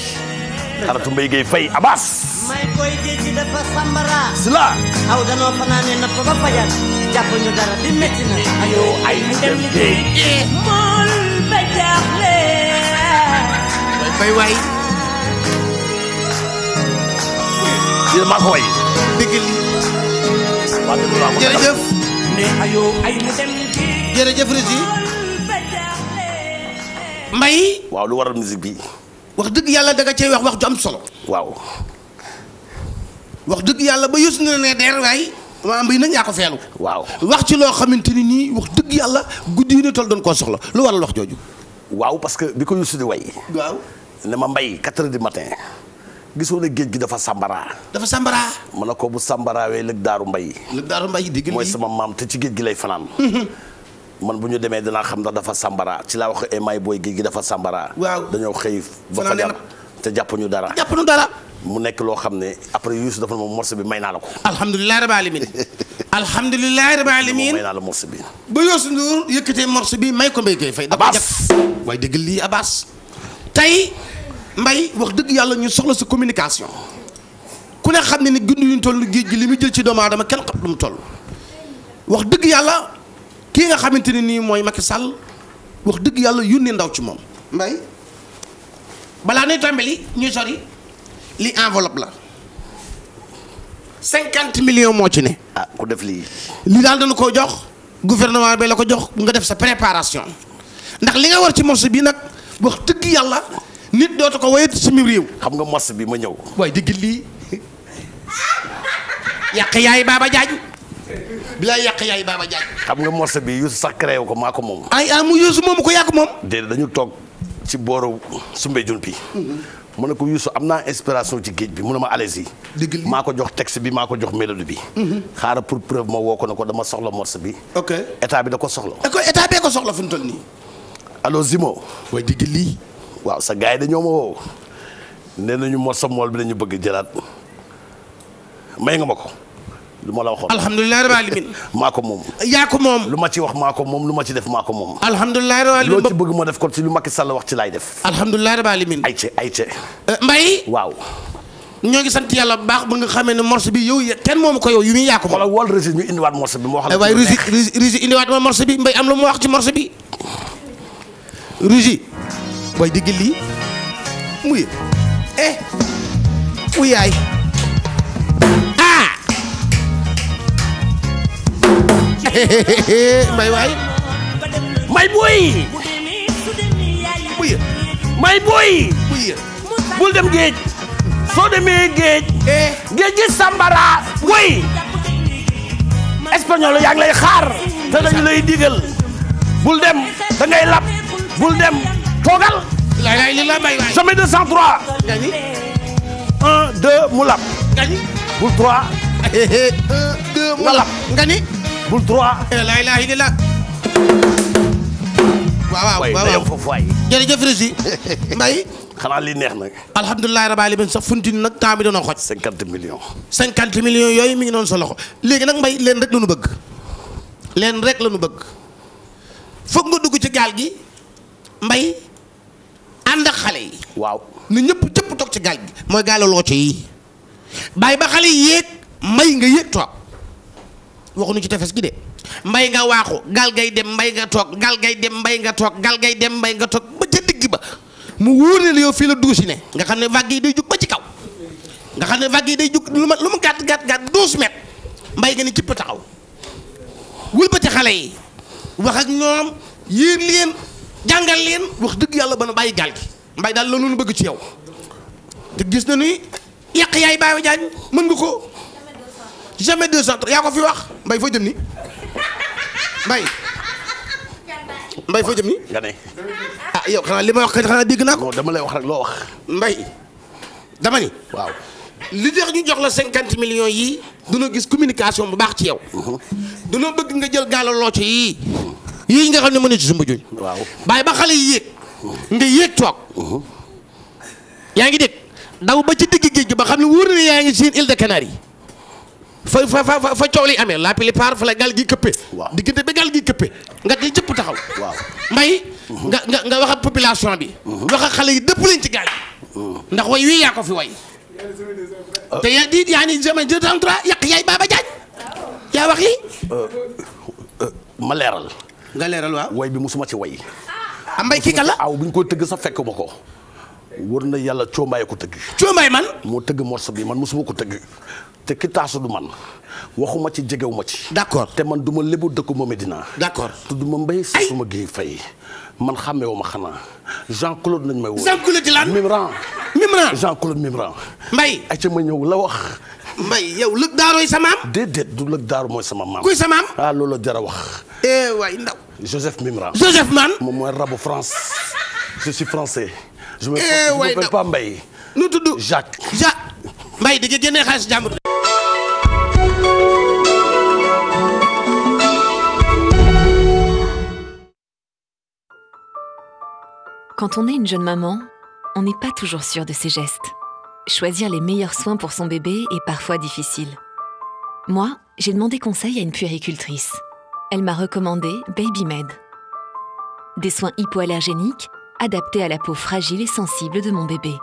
xaratu mbay gay fay abbas may koy géej dafa sambara si la aw danoo fanaane napp ba fajar jàpp ñu dara di métti na ayo ay dem dem géej eh, jërëjëf Régis Mbaye waaw lu waral musique bi wax dëgg yàlla da nga cee wax wax ju am solo. waaw. wax dëgg yàlla ba yus na ne der waay maa mbay nag yaa ko feelu. waaw wax ci loo xamante ni nii wax dëgg yàlla guddi yi ne tol doon koo soxla lu waral wax jooju. waaw parce que bi ko yus di way. waaw ne ma mbay 4 heures matin. gisoo ne géej gi dafa sàmbaraa dafa sàmbaraa ma ne ko bu sàmbaraawee lëg daaru mbay lëg daaru mbay dégg mooy sama maam te ci géej gi lay fanaan man bu ñu demee dinaa xam ndax dafa sambara ci laa wax may booy gi gi dafa sambara. waaw dañoo xëy. ba fa jàpp te jàppuñu dara. jàppuñu dara. mu nekk loo xam ne après Youssou dafa ne moom morceau bi may naa la ko. alhamdulilah rabbil alamin alhamdulilah rabbil alamin may naa la morceau bi. ba Youssou Ndour yëkkatee morceau bi may ko mbay koy fay. Abass waaye dëgg lii Abass. tey mbay wax dëgg yàlla ñu soxla sa communication. ku ne xam ne ni gundu yuñ toll géej gi li muy jël ci doomu aadama kenn xam lu mu toll. wax dëgg yàlla. kii nga xamante ni nii mooy Macky Sall wax dëgg yàlla ne ndaw ci moom mbay balaa nuy tàmbali ñuy sori li enveloppe la cinquante million moo ci ne ah ku def lii li daal dana ko jox gouvernement bi la ko jox nga def sa préparation ndax li nga war ci marché bi nag wax dëgg yàlla nit dootu ko wayati suñu réew xam nga marché bi ma ñëw waaye dëgg lii yàq yaay baaba jaaju bilaay yàq yaay baaba jaaj xam nga morceau bi Youssou sax créé ko maa ko moom. ay ah mu Youssou moomu ko yàq moom. déedéet dañu toog ci booru Soumbédioune bi. Mm-hmm. mu ne ko Youssou am naa inspiration ci géej bi mun ne ma allez maa ko jox texte bi maa ko jox mélodie bi. Mm-hmm. xaaral pour preuve ma woo ko ne ko dama soxla morceau bi. ok état bi da ko soxla. da ko état bee ko soxla fu mu toll nii. allo Zimo. waaye digg lii. waaw sa gars yi dañoo ma woo. nee nañu morceau mool bi dañu bëgg jëlaat may nga ma ko. lu ma la waxoon alhamdulilah rabbil alamin maa ko moom yaa moom lu ma ci wax maa ko moom lu ma ci def maa ko moom alhamdulilah rabbil alamin ci bëgg ma def ko ci lu Macky Sall wax ci laay def alhamdulilah rabbil alamin ay ce ay ce euh, mbay waaw ñoo ngi sant yàlla bu baax ba nga xamee ne morceau bi yow kenn moomu ko yow yu muy yaa ko moom xoolal wol rési ñu indiwaat morceau bi moo xam eh ma morceau bi mbay am lu mu wax ci morceau bi rési way digg lii muy eh muy yaay may waay may buy may booy bul dem géej soo demee géej géej gi sambara woy espagnol yaa ngi lay xaar te dañu lay digal bul dem da ngay bul dem toogal lay li la may waay sommet 203 mu lab nga bul 3 1 2 mu lab nga bul laay eh, la ilaha illallah. waaw waaw waaw foofu waay. xanaa li neex na nag. alhamdulilah rabbil alamin sax funtin nag temps bi doon xoj. cinquante millions. cinquante millions yooyu mi ngi noonu sa loxo léegi nag Mbaye leen rek la ñu bëgg. leen rek lanu bëgg. foog nga dugg ci gaal gi mbay ànd ak xale yi. waaw nu ñëpp cëpp toog ci gaal gi. mooy gaalu loo ci yi. bàyyi ba xale yi yéeg mbay nga yéeg toog. waxuñu ci tefes gi de mbay nga waaxu gal gay dem mbay nga toog gal gay dem mbay nga toog gal gay dem mbay nga toog ba ca digg ba mu wóor ne la yow fii la duusi ne nga xam ne vague yi day jug ba ci kaw nga xam ne vague yi day jug lu ma lu mu gàtt gàtt gàtt douze mètres mbay nga ci cipp taxaw wul ci xale yi wax ak ñoom yéen leen jàngal leen wax dëgg yàlla ba na bàyyi gaal gi mbay daal la nu bëgg ci yow te gis na ni yàq yaay baawa jaañ mën nga ko jamais de cent yaa ko fi wax mbay foo jëm ni mbay mbay foo jëm ni ah yow xanaa li may wax xanaa dégg naa ko dama lay wax rek loo wax mbay dama ni waaw li tax ñu jox la cinquante millions yii duna gis communication bu baax ci yow mhm. duna bëgg nga jël gaalaloo ci yii yii nga xam ne mën na ci sumba juñ waaw bàyyi ba xale yi yéeg mhm. nga yéeg toog mhm. yaa ngi dégg daw ba ci digg géej gi ba xam ne wóor na yaa ngi seen île de Canaries fa fa fa fa coow li amee la plupart fa la gaal gi këppee. waaw diggante ba gaal gi këppee nga di jëpp taxaw. waaw mbay. nga nga nga wax ak population bi. Mhm. wax xale yi dëpp leen ci gaal mhm. ndax way wii yaa ko fi way. Ah. te yaa di yaa ni jamais yaay Baba Diagne yaa wax lii. Euh, euh, ma leeral. nga leeral waaw way bi musuma ci way. ah mbay kii nga la aw bu ñu ko tëgg sa fekk ko. wër na yàlla coombaay ko tëgg. coombaay man. moo tëgg morceau bi man mosuma ko tëgg te ki taasu du man waxuma ci jegewuma ci. d'accord te man du ma lébu dëkkuma Medina. d'accord tudduma mbay sa suma gi fay man xàmmeewuma xanaa Jean Claude nañ may woo. Jean Claude Jean Claude Mimran. Mbay ay ca ma ñëw la wax. Mbay yow lëg daarooy sa maam. déedéet du lëg daaru mooy sama maam. kuy sa maam. ah loolu jara wax. eh waay ndaw. Joseph Mimran. Joseph man. moom rabu France je eh, m'appelle pas Mbaye. nu tudd Jacques. Jacques Mbaye di Quand on est une jeune maman, on n'est pas toujours sûr de ses gestes. Choisir les meilleurs soins pour son bébé est parfois difficile. Moi, j'ai demandé conseil à une puéricultrice. Elle m'a recommandé BabyMed. Des soins hypoallergéniques adaptée à la peau fragile et sensible de mon bébé.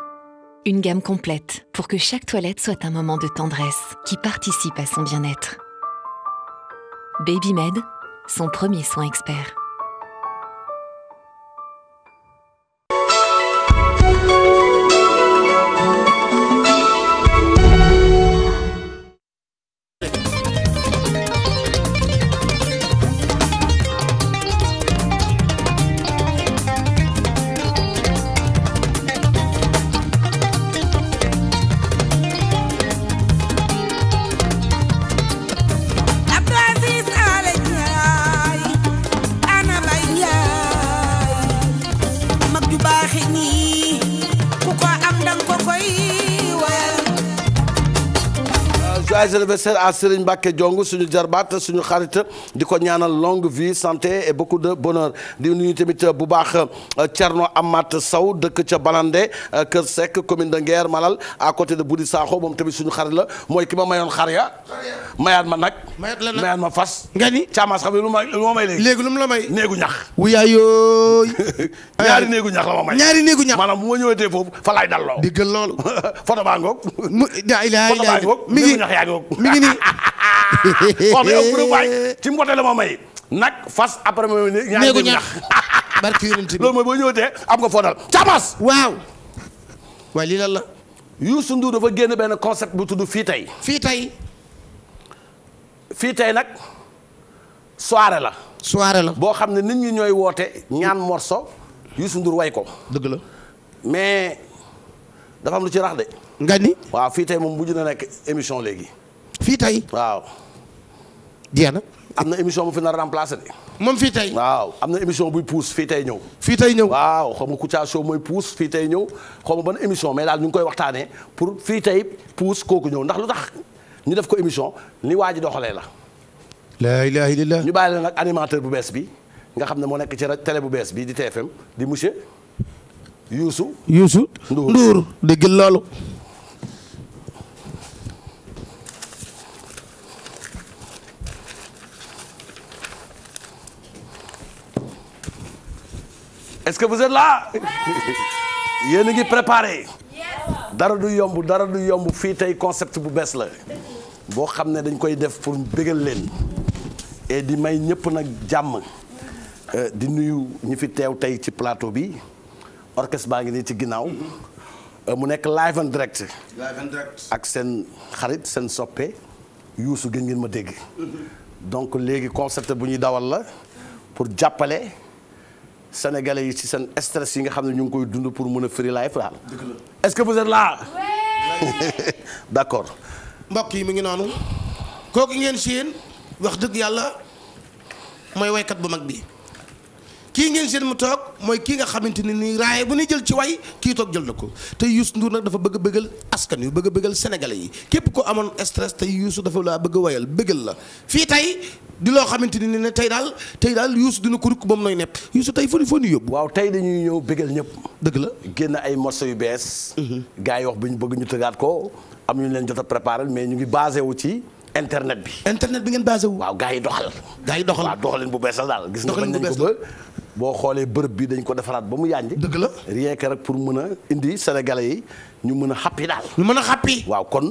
Une gamme complète pour que chaque toilette soit un moment de tendresse qui participe à son bien-être. BabyMed, son premier soin expert. joyeux anniversaire à Serigne Mbacke Diong suñu jarbaat suñu xarit di ko ñaanal longue vie santé et beaucoup de bonheur di nuyu tamit bu baax Thierno Amat Sow dëkk ca Balande Kër Seck commune de Nguer Malal à côté de Budi Sakho moom tamit suñu xarit la mooy ki ma mayoon xar ya mayaat ma nag. ma fas. nga ni Thiamas xam lu ma lu ma may léegi. léegi lu mu la may néegu ñax. wuyaayooy. ñaari néegu ñax la ma may. ñaari néegu ñax maanaam bu ma ñëwee tey foofu fa laay dalloo. diggal loolu. foto baa ngoog. mu daa ilaah ilaah mi ngi Diop. mi ngi nii. waay ci mbote la ma may. nag fas après ma ne. ñaari ñax barki yonent bi loolu mooy boo ñëwatee am nga foo caamas. waaw. waaye lii lan la. Youssou Ndour dafa génn benn concept bu tudd fii tey. fii tey. fii tey nag soirée la. soirée la boo xam ne nit ñi ñooy woote ñaan morso Youssou Ndour way ko. dëgg la mais dafa am lu ci rax de. nga ni waaw fii tey moom mujj na nekk émission léegi. fii tey. waaw. jeex na. am na émission bu fi na a remplacer moom fii tay waaw am na émission buy puus fii tey ñëw. fii tey ñëw waaw xaw ma Kouthia mooy puus fii tey ñëw xaw ma ban émission mais daal ñu ngi koy waxtaanee pour fii tey puus kooku ñëw ndax lu tax ñu def ko émission ni waa ji doxalee la. la ilaha illallah. ñu bàyyi la nag animateur bu bees bi nga xam ne moo nekk ci télé bu bees bi di TFM di monsieur Youssou. Youssou Ndour Ndour dégg loolu. est-ce que vous êtes là yéen a ngi préparé dara du yomb dara du yomb fii tey concept bu bees la boo xam ne dañ koy def pour bégal leen et di may ñëpp nag jàmm euh, di nuyu ñu fi teew tey ci plateau bi orchestre baa ngi nii ci ginnaaw euh, mu nekk live and direct. live ak seen xarit seen soppe yuusu gën ngeen ma dégg mm-hmm. donc léegi concept bu ñuy dawal la pour jàppale. sénégalais yi ci seen stress yi nga xam ne ñu ngi koy dund pour mën a free life daal. est-ce que vous êtes là. d'accord. mbokk yi mi ngi noonu kooku ngeen séen wax dëgg yàlla mooy waykat bu mag bi. kii ngeen seen mu toog mooy kii nga xamante ne nii raaye bu ñuy jël ci way kii toog jël na ko te Youssou Ndour nag dafa bëgg bëggal askan wi bëgg bëggal sénégalais yi képp ko amoon stress tey Youssou dafa laa bëgg wayal bëggal la fii tey di loo xamante ni ne tey daal tey daal Youssou dina ko rukk ba mu nooy nepp Youssou tey foo foo ñu yóbbu waaw tey dañuy ñëw bëggal ñëpp dëgg la génn ay morceaux yu bees mhm. gars yi wax bi ñu bëgg ñu tëgaat ko am ñu leen jot a préparé mais ñu ngi basé wu ci internet bi. internet bi ngeen basé wu. waaw gars yi doxal. gars yi doxal waaw doxalin bu bees la daal. gis nga bañ nañ ko ba boo xoolee bërëb bi dañ ko defaraat ba mu yànj. dëgg la rien que rek pour mën a indi sénégalais yi ñu mën a xàppi daal. ñu mën a xàppi. waaw kon.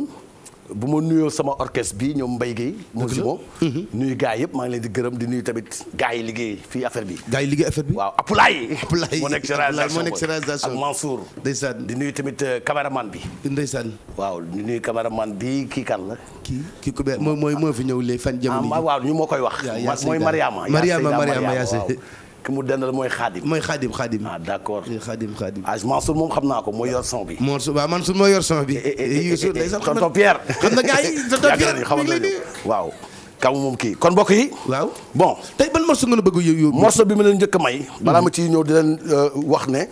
bu ma nuyoo sama orchestre bi ñoom mbay moo Mbaye Guèye Mosimo mhm. nuyu gars yëpp maa ngi leen di gërëm di nuyu tamit gaa yi liggéey fii affaire bi gaa yi liggéey affaire bi waaw Apulaay Apulaay moo nekk ci réalisation ak di nuyu tamit euh, caméraman bi ndeysaan waaw di nuyu caméraman bi kii kan la kii kii ko mooy mooy moo fi ñëw léegi fan jamono ah, waaw ñu moo koy wax mooy Mariama Mariama Mariama Yaase ki mu dendal mooy xaadim. mooy xaadim xaadim. ah d' accord xaadim xaadim. ah Mansour moom xam naa ko mooy yor son bi. Mansour waaw Mansour mooy yor son bi. Eh, eh, eh, Youssou ndeysaan tonton na gars yi kaw moom kii kon mbokk yi. waaw bon tey ban morceau nga la bëgg yow yow. bi ma leen njëkk may. balaa mhm. ma ciy ñëw di leen euh, wax ne.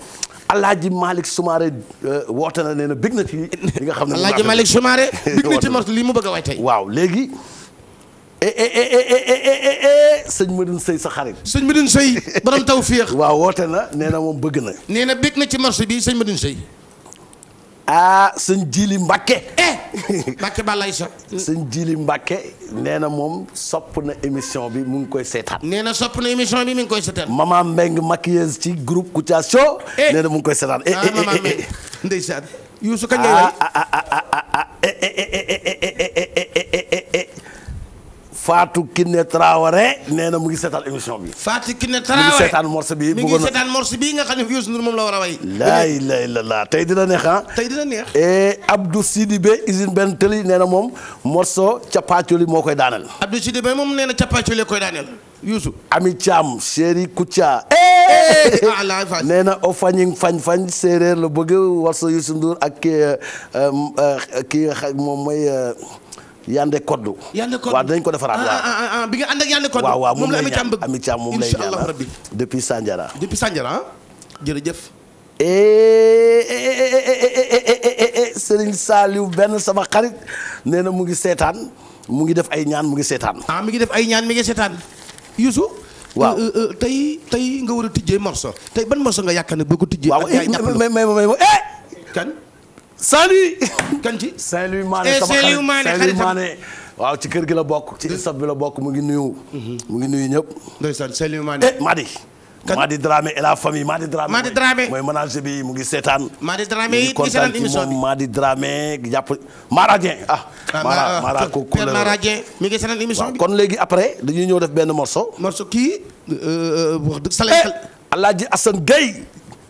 Alaaji Malick Soumaré euh, woote na nee na bég na ci li nga xam ne. Alaaji Malick Soumaré bég na ci morceau lii mu bëgg a way tey. waaw léegi. sëñ Medoune sëy sa xarit. sëñ Medoune sëy borom taw féex. waaw woote na nee na moom bëgg na. nee na bëgg na ci marché bi sëñ Medoune Seye. ah sëñ Jili Mbacke. Mbacke Balaye sa. sëñ Jili Mbacke nee na moom sopp na émission bi mu ngi koy seetaan. nee na sopp na émission bi mu ngi koy seetaan. maman Mbengue maquilleuse ci groupe Kouthia Show. mu ngi koy seetaan. ah maman Mbengue ndeysaan. Youssou kañ ngay waay ah ah ah ah ah Fatou Kiné Traoré nee na mu ngi seetaan émission bi. Fatou Kiné Traoré mu ngi seetaan morse bi. nga xam ne Youssou Ndour moom la war a way. laa ilaaha tey dina neex ah. tey dina neex. et Abdou Sidibé usine benn tëli nee na moom morso cappaacoli moo koy daaneel. Abdou Sidibé moom nee na cappaacoli koy daaneel. Youssou Ami Thiam Chéri Koutia. Eh, eh! eh, ah, nee na o fañing fañ fañ séeréer la bëgg warso Youssou Ndour ak ki euh, euh, euh, moom mooy. yande koddu yande koddu waaw ko defaraat waaw bi nga ànd ak yande koddu waaw waaw moom la ami càmm bëgg ami càmm moom lay ñaan inshallah rabbi depuis Sandiara depuis Sandiara jërëjëf Serigne Saliou benn sama xarit nee na mu ngi seetaan mu ngi def ay ñaan mu ngi seetaan ah mi ngi def ay ñaan mi ngi seetaan Youssou waaw tey tey nga war a tijjee morso tey ban morso nga yaakaar ne boo ko tijjee waaw may may may may eh kan salut. kan ci Saint-Louis Mané eh, sama waaw ci kër gi la bokk ci staff bi la bokk mu ngi nuyu. mu ngi nuyu ñëpp. ndeysaan Saint-Louis Mané eh la famille Madi Dramé. Madi Dramé mooy ménager bi mu ngi seetaan. Madi Dramé yi gis nañ émission bi Madi Dramé jàpp Mara Dieng ah. ah Mara mi ngi seetaan émission bi. kon léegi après dañuy ñëw def benn morso morceau kii euh, euh, wax dëgg Salé. Eh, Alaaji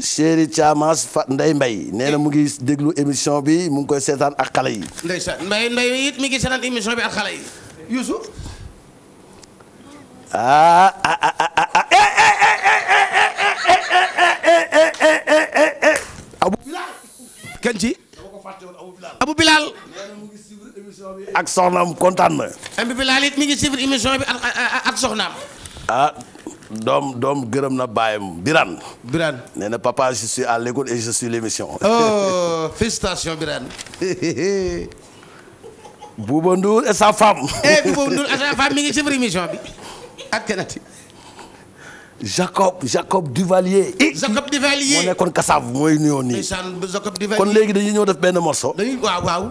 chéri Thiamas Fat Ndeye Mbaye nee na mu ngi déglu émission bi mu ngi koy seetaan ak xale yi. ndeysaan Mbaye Mbaye ngi seetaan émission bi ak xale yi Youssou. ah ah ah ah ah. Abou Bilal. kan ci. Abou Bilal. ak soxnaam kontaan na. Abou Bilal it mi ngi suivre émission bi ak ak soxnaam. ah. doom doom gërëm na baayam biran Birane nee na papa je à lécole et je suis l'émission. oh félicitations Birane. Bouba Ndour sa femme. eh Bouba Ndour sa femme mi ngi ci émission bi ak kenati. Jacob Jacob Duvalier. Eh, Jacob Duvalier moo nekkoon Kassav mooy nuyoo nii. Jacob Duvalier kon léegi dañu ñëw def benn morceau. dañuy waaw waaw.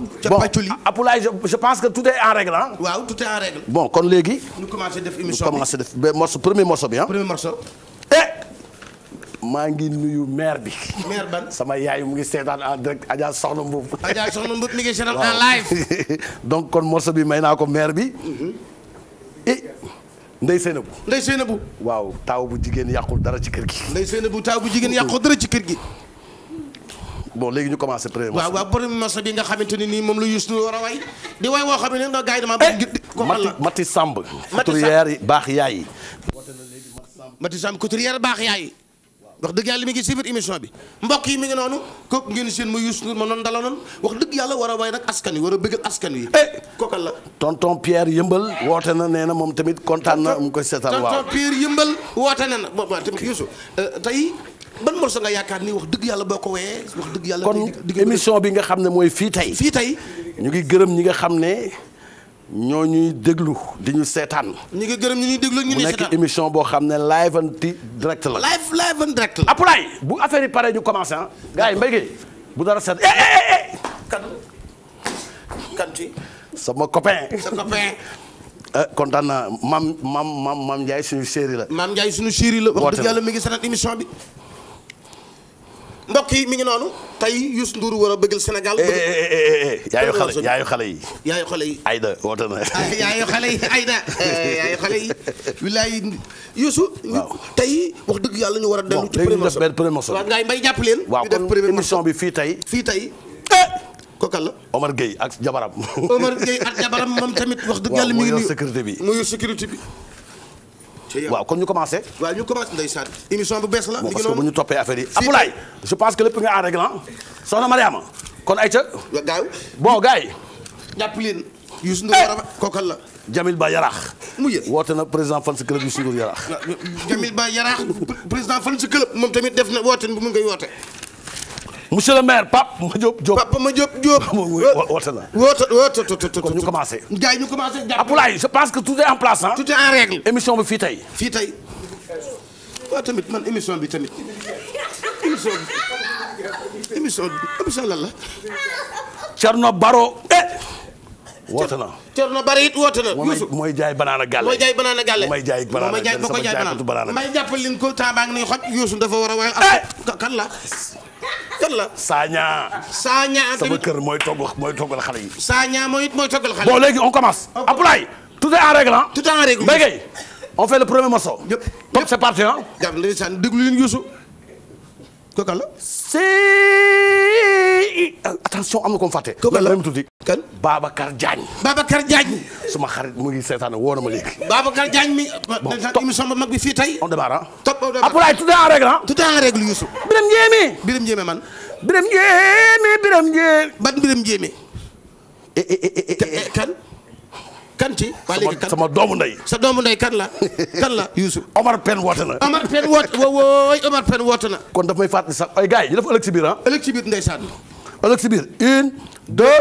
bon ah, je pense que tout est en règle ah. waaw tout est bon kon léegi. commencé def émission bi ñu commencé def morceau premier morceau bi ah. maa ngi nuyu maire bi. maire ban sama yaay mu ngi seetaan en direct Adja Soxna Mboub. Adja Soxna Mboub mi ngi seetaan donc kon morceau bi may naa ko maire bi. Mhm. Eh! Ndey Seynabu Ndey Seynabu waaw taaw bu jigéen yàqul dara ci kër gi Ndey Seynabu taaw bu jigéen yàqul dara ci kër gi bon léegi ñu commencé premier morceau waaw waaw premier morceau bi nga xamante ni nii moom la Youssou war a way di way woo xam ne nag gars yi dama bëgg eh, Mati Samb couturière baax yaay Mati Samb couturière baax yaay wax dëgg yàlla mi ngi si biir émission bi mbokk yi mi ngi noonu kooku ngeen seen ma Youssou Ndour ma noonu daloon wax dëgg yàlla war a way nag askan wi war a bëggal askan wi. eh kookal tonton Pierre yëmbal woote na nee na moom tamit kontaan na mu koy seetal waaw tonton Pierre yëmbal woote na na waaw tamit Youssou euh, tey. ban morceau nga yaakaar ni wax dëgg yàlla boo ko wooyee wax dëgg yàlla. kon émission bi nga xam ne mooy fii tey. fii tey ñu ngi gërëm ñi nga xam ne. ñoo ñuy déglu di ñu seetaan. ñu ngi gërëm ñu ñuy déglu ñu ñuy seetaan mu émission boo xam ne live and direct la. live live and direct la. Apulaay bu affaire yi pare ñu commencé ah. gars yi bu dara seet. Eh, eh, eh, kan kan ci. sama copain sa copain. kontaan naa maam maam maam Ndiaye suñu chéri la. maam Ndiaye suñu chéri la. wax dëgg yàlla mi ngi seetaan émission bi. mbokk yi mi ngi noonu tey Youssou Ndour war a bëggal Sénégal. Eh, eh, eh, yaayu xale yaayu xale yi. yaayu xale yi. ayda woote na. Ah, yaayu xale yi Aida yaayu xale yi. wilaay Youssou. waaw wax dëgg yàlla ñu war a dellu. ci premier morceau bon léegi def benn premier morceau. ngay mbay jàpp leen. ñu def premier kon émission bi fii tey. fii tey. kokal la Omar Gueye ak jabaram Omar Gueye ak jabaram moom tamit wax dëgg yàlla mi ngi nuyu waaw mu yor sécurité bi. mu yor sécurité bi. waaw kon ñu commencé waaw ñu commencé ndeysaan émission bu bees la parce que bu ñu toppee affaire yi Abdoulaye je pense que lépp nga en règle soxna Mariama kon ay ca gaaw bon gars yi jàpp leen Youssou Ndour eh! war a kookal la Jamil Ba Yaraax mu woote na président fan si club Youssou Ndour Yaraax Jamil Ba Yaraax président fan si moom tamit def na woote bu mu ngay woote monsieur le maire Pape Madiop Diop Pape Madiop Diop. woote na woote woote kon ñu commencé. gars yi ñu commencé jàpp Abdoulaye je pense que tout est en place ah. tout est en règle. émission bi fii tey. fii tey waaw tamit man émission bi tamit émission bi émission bi émission lan la. Thierno Baro. Eh! woote na Thierno Baro it woote na. Youssou mooy jaay banaana gàlle mooy jaay banaana gàlle. mooy jaay banaana gàlle sama jaaykatu banaana. may jàppal leen ko temps baa ngi nii xoj Youssou dafa war a waay. Eh! kan la. kan la Saña. Saña sama kër mooy togg mooy toggal xale yi. Saña mooy mooy toggal xale yi. bon léegi on commence. Abdoulaye tout est en règle tout est en règle. Mbengue on fait le premier morceau. yëpp yëpp c'est parti ah. jàpp kooku kan la. c'est attention am na ko mu fàtte. kooku kan la même tuuti. kan Babacar Diagne. Babacar xarit mu seetaan woon ma léegi. Babacar Diagne mi. bon toog mag bi fii tey. on démarre topp on démarre Abdoulaye tout en règle ah. en règle Youssou. Birame Ndiémé. Birame Ndiémé man. Birame Ndiémé Birame Ndiémé. ban eh, eh, eh, kan ci. waa léegi kan sama doomu ndey. sa doomu ndey kan la kan la Youssou. Omar Pène woote na. Omar Pène woote na. kon daf may fàttali sax ay gars yi ñu def ëllëg si biir ah. ëllëg si biir ndeysaan. ëllëg une deux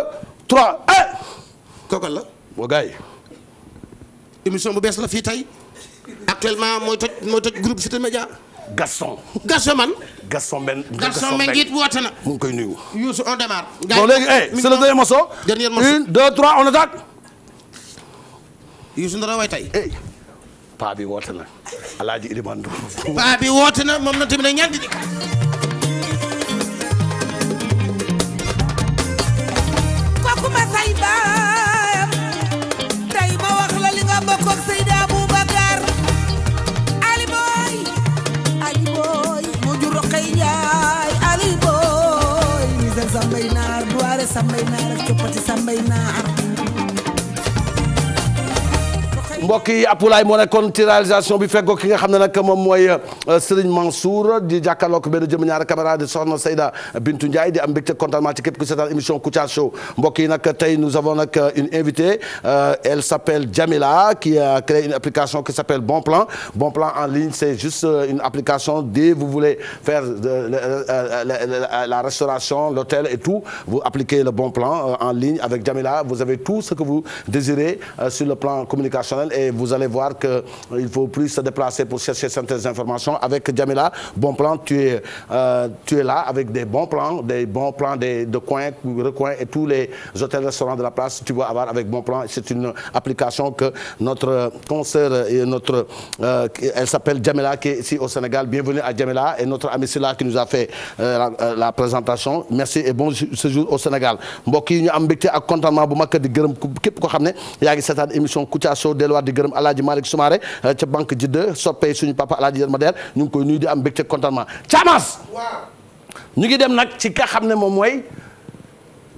trois et. Eh! kooku la. bu bees la fii tey actuellement mooy toj mooy toj groupe Futurs Médias. Gaston. Gaston man. Gaston benn Gaston benn it na. mu koy nuyu. Youssou on démarre. gars yi bon léegi eh dernier morceau. Youssou Ndour a way tey. Eh, paa bi woote na Alaaji Iliman Ndour. na moom na tamit na ñaan di ma say baam ma wax la li nga bokk ak Seyda Aboubacar mu jur Roqay Njaay Ali Boy mi sambay naar duwaare sambay naar mbokk yi Apulaay moo nekkoon ci réalisation bi feggoo ki nga xam ne nag moom mooy euh, Serigne Mansour di jàkkaarloo ko benn jëm ñaari caméra di soxna Seyda Bintu Ndiaye di am mbégte contentement ci képp ku seetaan émission mbokk yi nag tey nous avons nag euh, une invitée euh, elle s'appelle Jamila qui a créé une application qui s'appelle Bon Plan Bon Plan en ligne c'est juste une application dès vous voulez faire la restauration l'hôtel et tout vous appliquez le Bon Plan en ligne avec Jamila vous avez tout ce que vous désirez sur le plan communicationnel et vous allez voir que euh, il faut plus se déplacer pour chercher certaines informations avec Jamila Bon Plan tu euh, là avec des bons plans des bons plans des de coins recoins et tous les hôtels restaurants de la place tu vas avoir avec Bon Plan c'est une application que notre consoeur et notre euh, elle s'appelle Jamila qui est ici au Sénégal bienvenue à Jamila et notre ami Sila qui nous a fait la, présentation merci et bon séjour au Sénégal mbokk yi ñu am mbégte ak contentement bu mag di gërëm képp baax di gërëm alaaji Malick Soumaré eh, ca banque Jidda soppee suñu papa alaaji Yerma Der ñu ngi koy nuyu di am mbégte contentement Thiamas ñu ngi dem nag ci nga xam ne moom mooy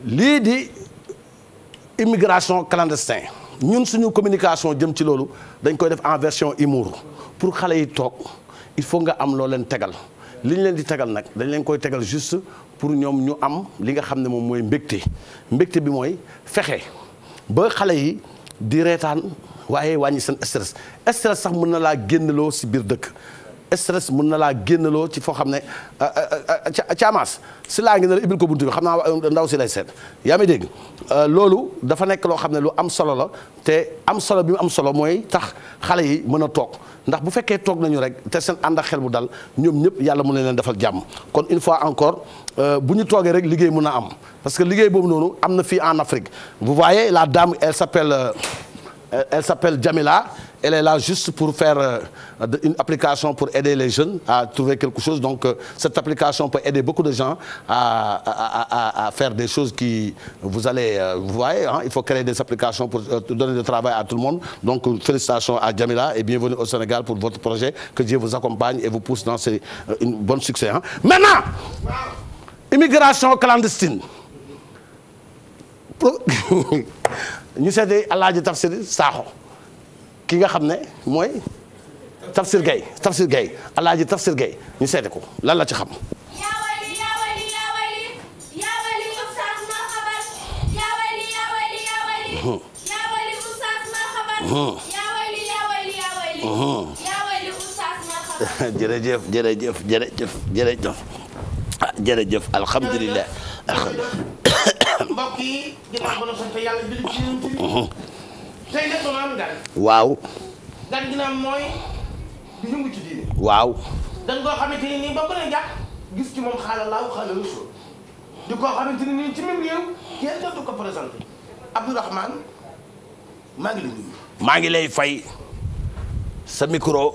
lii di immigration clandestin ñun suñu communication jëm ci loolu dañ koy def en version humour pour xale yi toog il faut nga am loo leen tegal li ñu leen di tegal nag dañ leen koy tegal juste pour ñoom ñu am li nga xam ne moom mooy mbégte mbégte bi mooy fexe ba xale yi di reetaan waaye wàññi seen stress stress sax mën na laa génnaloo si biir dëkk stress mun na laa génnaloo ci foo xam ne euh, euh, euh, caamaas si laa ngi ne la ibil ko buntu bi xam naa ndaw si lay seen yaa dégg loolu dafa nekk loo xam ne lu am solo la te am solo bi mu am solo mooy tax xale yi mën a toog ndax bu fekkee toog nañu rek te seen ànd xel bu dal ñoom ñëpp yàlla mun na leen defal jàmm kon une fois encore bu ñu toogee rek liggéey mun na am parce que liggéey boobu noonu am na fii en Afrique vous la dame elle s'appelle Jamila elle est là juste pour faire euh, une application pour aider les jeunes à trouver quelque chose donc euh, cette application peut aider beaucoup de gens à à à à faire des choses qui vous allez euh, vous voyez hein, il faut créer des applications pour donner du travail à tout le monde donc félicitations à Jamila et bienvenue au Sénégal pour votre projet que Dieu vous accompagne et vous pousse dans ces une bonne succès hein. Maintenant immigration clandestine ñu seetee alaaji tafsir saaxo ki nga xam ne mooy tafsir gay tafsir gay alaaji tafsir gay ñu seete ko lan la ci xam jërëjëf jërëjëf jërëjëf jërëjëf jërëjëf alhamdulilah mbokk yi ginnaaw waaw gan gi naan mooy di yëngu ci diine waaw dañ koo xamante nii ba mën a jàpp gis ci moom xaala laaw di koo xamante nii ci même réew kenn dootu ko présenté Abdourahmane maa ngi lay maa ngi lay fay sa micro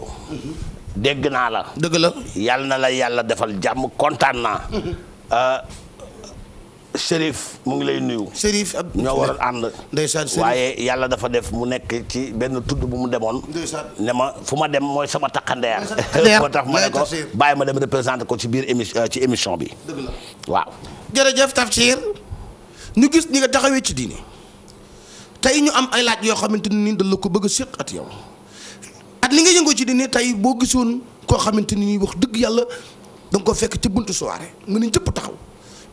dégg naa la dëgg la yàlla na la yàlla defal jàmm kontaan naa Chérif mu ngi lay nuyu. Chérif ab ñoo waroon ànd. ndeysaan Chérif waaye yàlla dafa def mu nekk ci benn tudd bu mu demoon. ne ma fu ma dem mooy sama takkandeer. moo tax ma ne ko bàyyi ma dem représenté ko ci biir émi euh, ci émission bi. dëgg la waaw. jërëjëf Tafsir ñu gis ni nga taxawee ci diini tey ñu am ay laaj yoo xamante ni dañ la ko bëgg a séq at yow at li nga yëngoo ci diini tey boo gisoon koo xamante ni wax dëgg yàlla da ko fekk ci buntu soirée nga ne jëpp taxaw.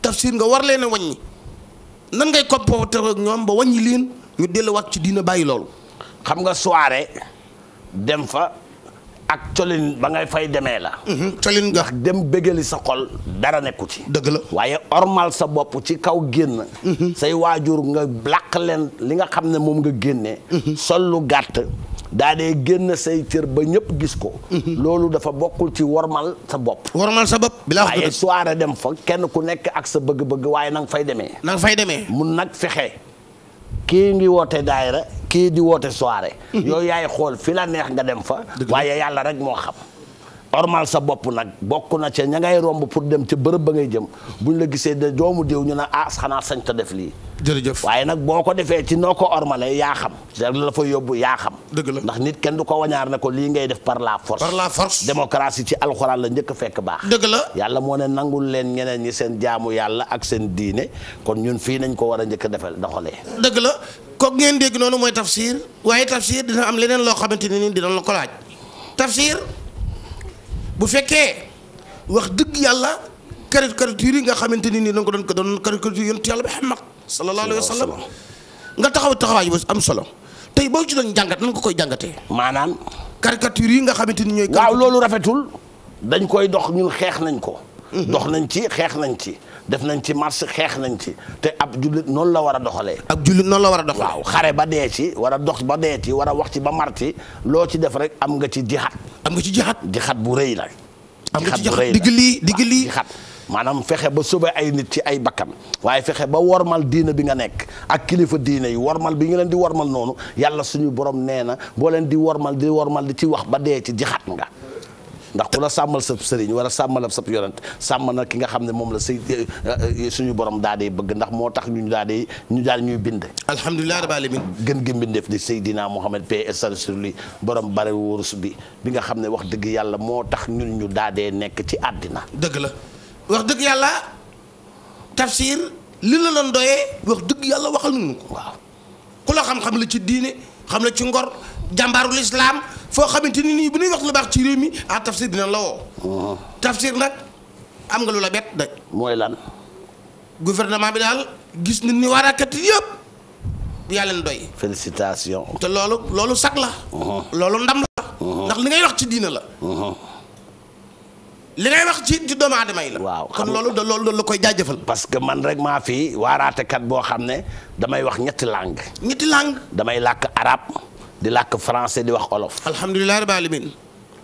tafsir nga war leen a wàññi nan ngay comporter ak ñoom ba waññi leen ñu delluwaat ci diina bàyyi loolu. xam nga soirée dem fa ak colin ba ngay fay demee la. Mhm, colin nga dem bëggali sa xol dara nekku ci. dëgg la waaye ormal sa bopp ci kaw génn. Mhm. say waajur nga làq leen li nga xam ne moom nga génnee. Mhm. sol lu gàtt. daa dee génn say cër ba ñëpp gis ko. Mhm. loolu dafa bokkul ci wormal sa bopp. wormal sa bopp. bilaa waaye soirée dem fa kenn ku nekk ak sa bëgg-bëgg waaye na fay demee. na nga fay demee. mun nag fexe kii ngi woote daayira kii di woote soirée. Mhm. yooyu yaay xool fi la neex nga dem fa. waaye yàlla rek moo xam. ormal sa bopp nag bokk na ca ña ngay romb pour dem ca bërëb ba ngay jëm bu ñu la gisee de doomu diw ñu ne ah xanaa sañ ta def lii. jërëjëf waaye nag boo ko defee ci noo ko ormalee yaa xam. cest la fa yóbbu yaa xam. dëgg la ndax nit kenn du ko wañaar na ko lii ngay def par la force. par la force démocratie ci alxuraan la njëkk fekk baax. dëgg la yàlla moo ne nangul leen ñeneen ñi seen jaamu yàlla ak seen diine kon ñun fii nañ ko war a njëkk defal doxalee. dëgg la ko ngeen dégg noonu mooy tafsir waaye tafsir dina am leneen loo xamante ne nii dina la ko laaj bu fekkee wax dëgg yàlla caricature yi nga xamante ni nii da nga ko doon ko doon caricature yonent yàlla Muhammad sallallahu alayhi wa sallam nga taxaw taxawaay bu am solo tey boo ci doon jàngat nan nga koy jàngatee. maanaam. caricature yi nga xamante ni ñooy. waaw loolu rafetul dañ koy dox ñun xeex nañ ko. Mhm. dox nañ ci xeex nañ ci. def nañ ci marche xeex nañ ci te ab jullit noonu la war a doxalee. ab jullit noonu la war a doxalee. waaw xare ba dee ci war dox ba dee ci war a wax ci ba marti loo ci def rek am nga ci jihad. am nga ci jihad. jihad bu rëy la. am nga ci jihad maanaam fexe ba sauver ay nit ci ay bakkan waaye fexe ba wormal diina bi nga nekk ak kilifa diina yi wormal bi nga leen di wormal noonu yàlla suñu borom nee na boo leen di wormal di wormal di ci wax ba dee ci jihad nga. ndax ku la sàmmal sa sëriñ war sàmmala sàmmalab sa yonent sàmm na ki nga xam ne moom la say eh, suñu borom daa dee bëgg ndax moo tax ñu daa dee ñu daal ñuy bind alhamdulilah rabbil alamin gën gi mbindeef di Seydina Mouhamed p sur lui borom bare wóorus bi bi nga xam ne wax dëgg yàlla moo tax ñun ñu daa dee nekk ci àddina dëgg la wax dëgg yàlla tafsir li la doon doyee wax dëgg yàlla waxal nañu ko waaw ku la xam-xam la ci diine xam la ci ngor jàmbaaru lislaam foo xamante ni nii bu ñuy wax lu baax ci réew mi à ah tafsir dina la woo. Oh. tafsir nag am nga lu la bett nag. mooy lan. gouvernement bi daal gis nañ ni waarakat yëpp yaa leen doy. félicitations. te loolu loolu sax la. Uh-huh. loolu ndam la. Uh-huh. ndax li ngay wax ci diina la. Uh-huh. li ngay wax ci ci doomu aadama la. waaw kon loolu da loolu la koy jaajëfal. parce que man rek maa fi waaraatekat boo xam ne damay wax ñetti langue ñetti langue damay làkk arab di làkk français di wax olof. alhamdulilah rabbil alamin.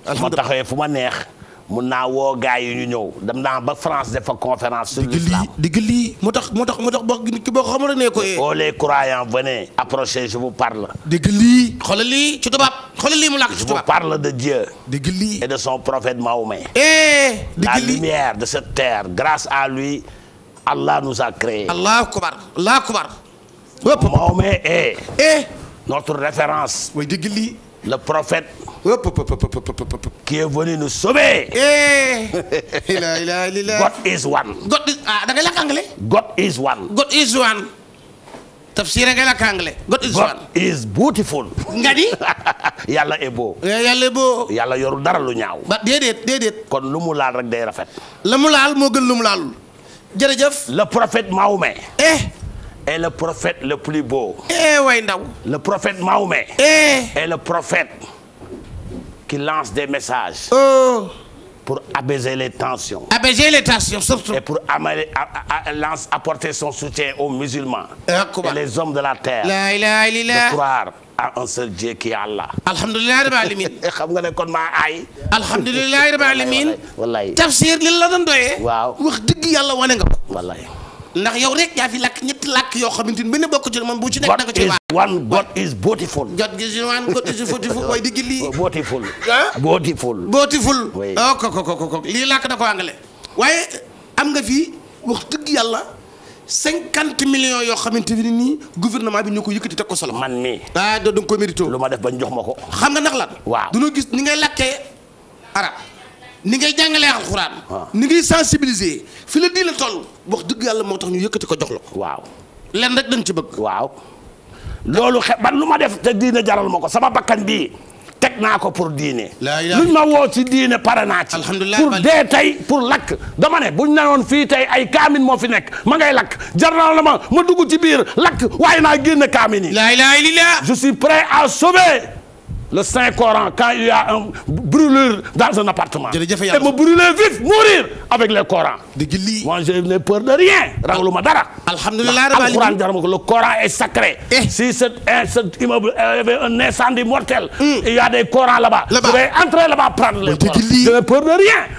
alhamdulilah ma fu ma neex. mun naa woo gars yi ñu ñëw dem naa ba France def fa conférence. sur l'islam digg lii moo tax moo tax moo tax ki boo xam ne nee ko. oh les croyants venez. approchez je vous parle. digg lii. xoolal lii ci tubaab xoolal lii mu làkk ci tubaab. je vous parle de Dieu. digg lii et de son prophète Mahomet. eh la lumière de cette terre grâce à lui Allah nous a créé. akbar Allahu akbar. notre référence. way dëgg lii. le prophète. qui est venu nous sauver. Eh! ila ila ila. God is one. God is ah da ngay lakk anglais. God is one. God is one. tafsir ngay lakk anglais. God is one. God is beautiful. nga di. yàlla est beau. Eh, yàlla est beau. yàlla yorul dara lu ñaaw. ba déedéet déedéet. kon lu mu laal rek day rafet. la mu laal moo gën lu mu laalul. jërëjëf. le prophète Mahomet. eh. le prophète le plus beau. Eh, ndaw. le prophète Mahomet. eh. est le qui lance des messages. oh. pour apaiser les tensions. apaiser les tensions surtout. et pour amaler lance apporter son soutien aux musulmans. Eh, et les hommes de la terre. la ilaha illallah. de croire à un seul wax dëgg yàlla wane nga ko. ndax yow rek yaa fi làkk ñetti làkk yoo xamante ni benn bokk ci moom bu ci nekk da nga ci waa one God is beautiful. God is one God is beautiful mooy di gilli. beautiful. ah ko ko ko ko lii làkk da ko anglais waaye am nga fii wax dëgg yàlla cinquante millions yoo xamante ne nii gouvernement bi ñoo ko yëkkati te ko solo. man mii. ah da nga ko lu ma def ba ñu jox ma ko. xam nga ndax la waaw gis ni ngay làkkee arab ni ngay jàngalee alxuraan. Ah. ni ngay sensibilisé fi la di la toll wax dëgg yàlla moo tax ñu yëkkati ko jox la ko. waaw lenn rek dañ ci bëgg. waaw loolu xe ban lu ma def te diine jaral ma ko sama bakkan bii teg naa ko pour diine. luñ ma woo ci diine pare naa ci. alhamdulilah pour dee tey pour lakk dama ne buñ nanoon fii tey ay kaamin moo fi nekk ma ngay lakk jaral la ma ma dugg ci biir lakk waaye naa génn kaamin yi. la ilaha illallah. je suis à sauver. le Saint Coran a un brûlure dans un appartement. jërëjëf et me brûler vif mourir avec le Coran. dëgg lii moi je n'ai peur de rien. ragalu ma dara. alhamdulilah rabbil alamin ma ko le Coran est eh. si cet euh, mortel. Hmm. il ma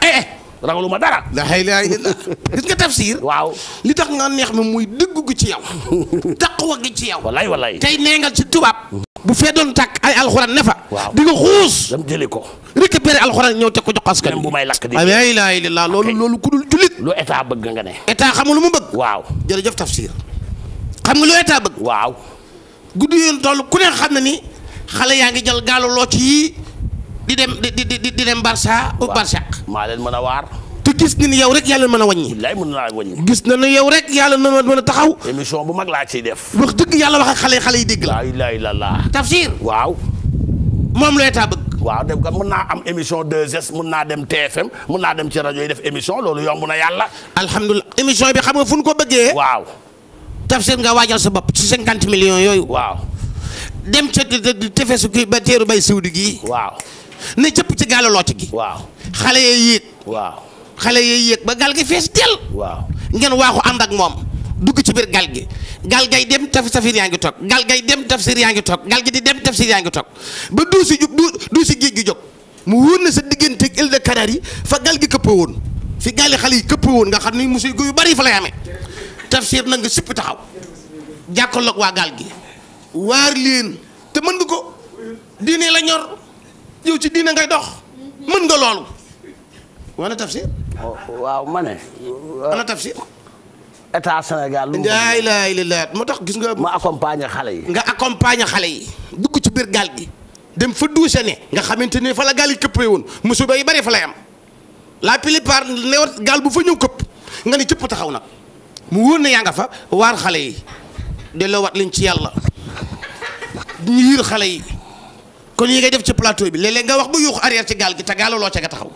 eh, eh. dara. la ilaha illa gis nga tafsir. waaw li tax nga neex ma muy dëgg gu ci yow. taqwa gi ci yow. wallaay wallaay tey neengal ci tubaab. Hmm. bu fee doon tàkk ay alxuraan ne fa. di nga xuus. dam jëli ko. rek bere alxuraan ñëw teg ko jox askan bu may la ilaha illallah loolu loolu ku dul jullit. lu état bëgg nga ne. état xamul lu mu bëgg. waaw jërëjëf tafsir. xam nga lu état bëgg. waaw. guddi yoon toll ku ne xam na ni xale yaa ngi jël gaalu loo ci yii di dem di di di dem barsa waaw maa leen mën a waar. te gis na ni rek yàlla mën a wàññi. bilaay mën naa wàññi. gis na ni yow rek yàlla na mën a taxaw. émission bu mag laa ciy def. wax dëgg yàlla wax ak xale xale yi dégg la. laa ilaaha illallaah. Tafsir. waaw. moom la état bëgg. waaw dem mën naa am émission 2 mën naa dem TFM mën naa dem ci rajo def émission loolu yomb na yàlla. alhamdulilah émission bi xam nga fu ñu ko bëggee. waaw. Tafsir nga waajal sa bopp ci 50 millions yooyu. waaw. dem ca tefesu kii ba teeru bay siwdi gii. waaw. ne cëpp ci gaal loote gi. waaw xale yee waaw. xale yee yéeg ba gal gi fees del waaw ngeen waaxu ànd ak moom dugg ci biir gal gi gal gay dem taf safir yaa ngi toog gal gay dem tafsir yaa ngi toog gal gi di dem tafsir yaa ngi toog ba duu si duu si géej gi jóg mu wóor na sa diggante ak île de Canaries yi fa gal gi këpp woon fi gali xale yi këpp woon nga xam ni musiba yu bari fa lay amee tafsir na nga sipp taxaw jàkkaarloog waa gal gi waar leen te mën nga ko diine la ñor yow ci diine ngay dox mën nga loolu wala tafsir. waaw ma ne. wala tafsir. état Sénégal lu mu. laa ilaaha illallaah moo tax gis nga. ma accompagner xale yi. nga accompagner xale yi. dugg ci biir gaal gi. dem fa douche ne. nga xamante ne fa la gaal yi këppee woon ba yi bari fa lay am. la plupart newat gaal bu fa ñëw këpp. nga ni cëpp taxaw nag. mu wóor na yaa nga fa waar xale yi. de delloowaat lañ ci yàlla. ñiir xale yi. kon yi ngay def ci plateau bi léeg nga wax ba yuuxu arrière ci gaal gi te gaalu loo ca nga taxaw.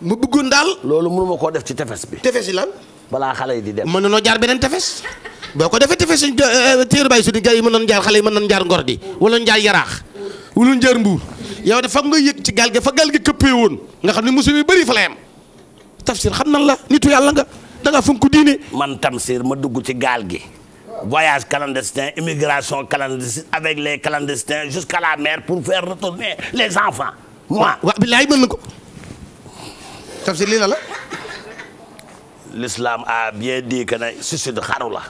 ma bëggoon daal. loolu mënuma koo def ci tefes bi. tefes yi lan. balaa xale yi di dem. mën nañoo jaar beneen tefes boo ko defee tefes yi téeru bay suñu euh, gars yi mën nañu jaar xale yi mën nañu jaar ngor di wala ñu jaar yaraax wala ñu jaar mbuur yow de foog nga yëg ci gaal gi fa gaal gi këppee woon nga xam ne mosu yu bëri fa la yem tafsir xam nan la nitu yàlla nga da ngaa fonk diine. man Tamsir ma dugg ci gaal gi. voyage clandestin immigration clandestine avec les clandestins jusqu'à la mer pour faire retourner les enfants. moi waaw bilaay mën na ko. tafsir lii la la. l'islam a bien dit que ne suicide xaru ah,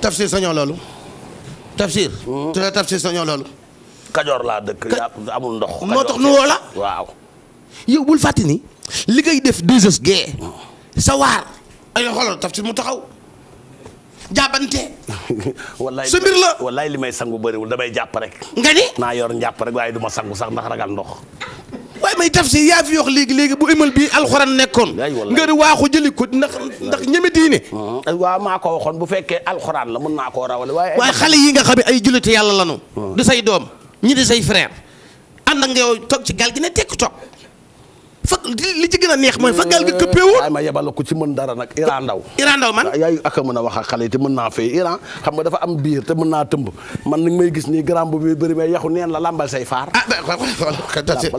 tafsir sañoo loolu. tafsir. Hmm. tafsir sañoo loolu. Kajoor laa dëkk. amul ndox. moo tax nu woo la yow bul fàttali ni li ngay def deux heures. sa tafsir mu taxaw. jàppante. wallaay sa mbir la li may sangu bëriwul damay jàpp rek. nga ni naa yor jàpp rek waaye du sangu sax ndax ragal ndox. waaye may tafsir yaa fi léegi léegi bu imal bi alxuraan nekkoon. nga di waaxu jëli ko ndax ndax ñeme diine. Ah. waaw maa ko waxoon bu fekkee alxuraan la mën naa koo rawale waaye. waaye xale yi nga xam ne ay jullite yàlla lanu. Ah. du say doom ñi di say frère. ànd ak yow toog ci gaal gi ne tekk toog fa li ci gën neex mooy fa gaal gi këppee woon ko ci mën dara nag Iran Ndaw Iran man yaay ak a a wax ak xale naa fay xam nga dafa am biir te mën naa tëmb man ni may gis nii grand bu bi bëri may yaxu neen la lambal say faar ah,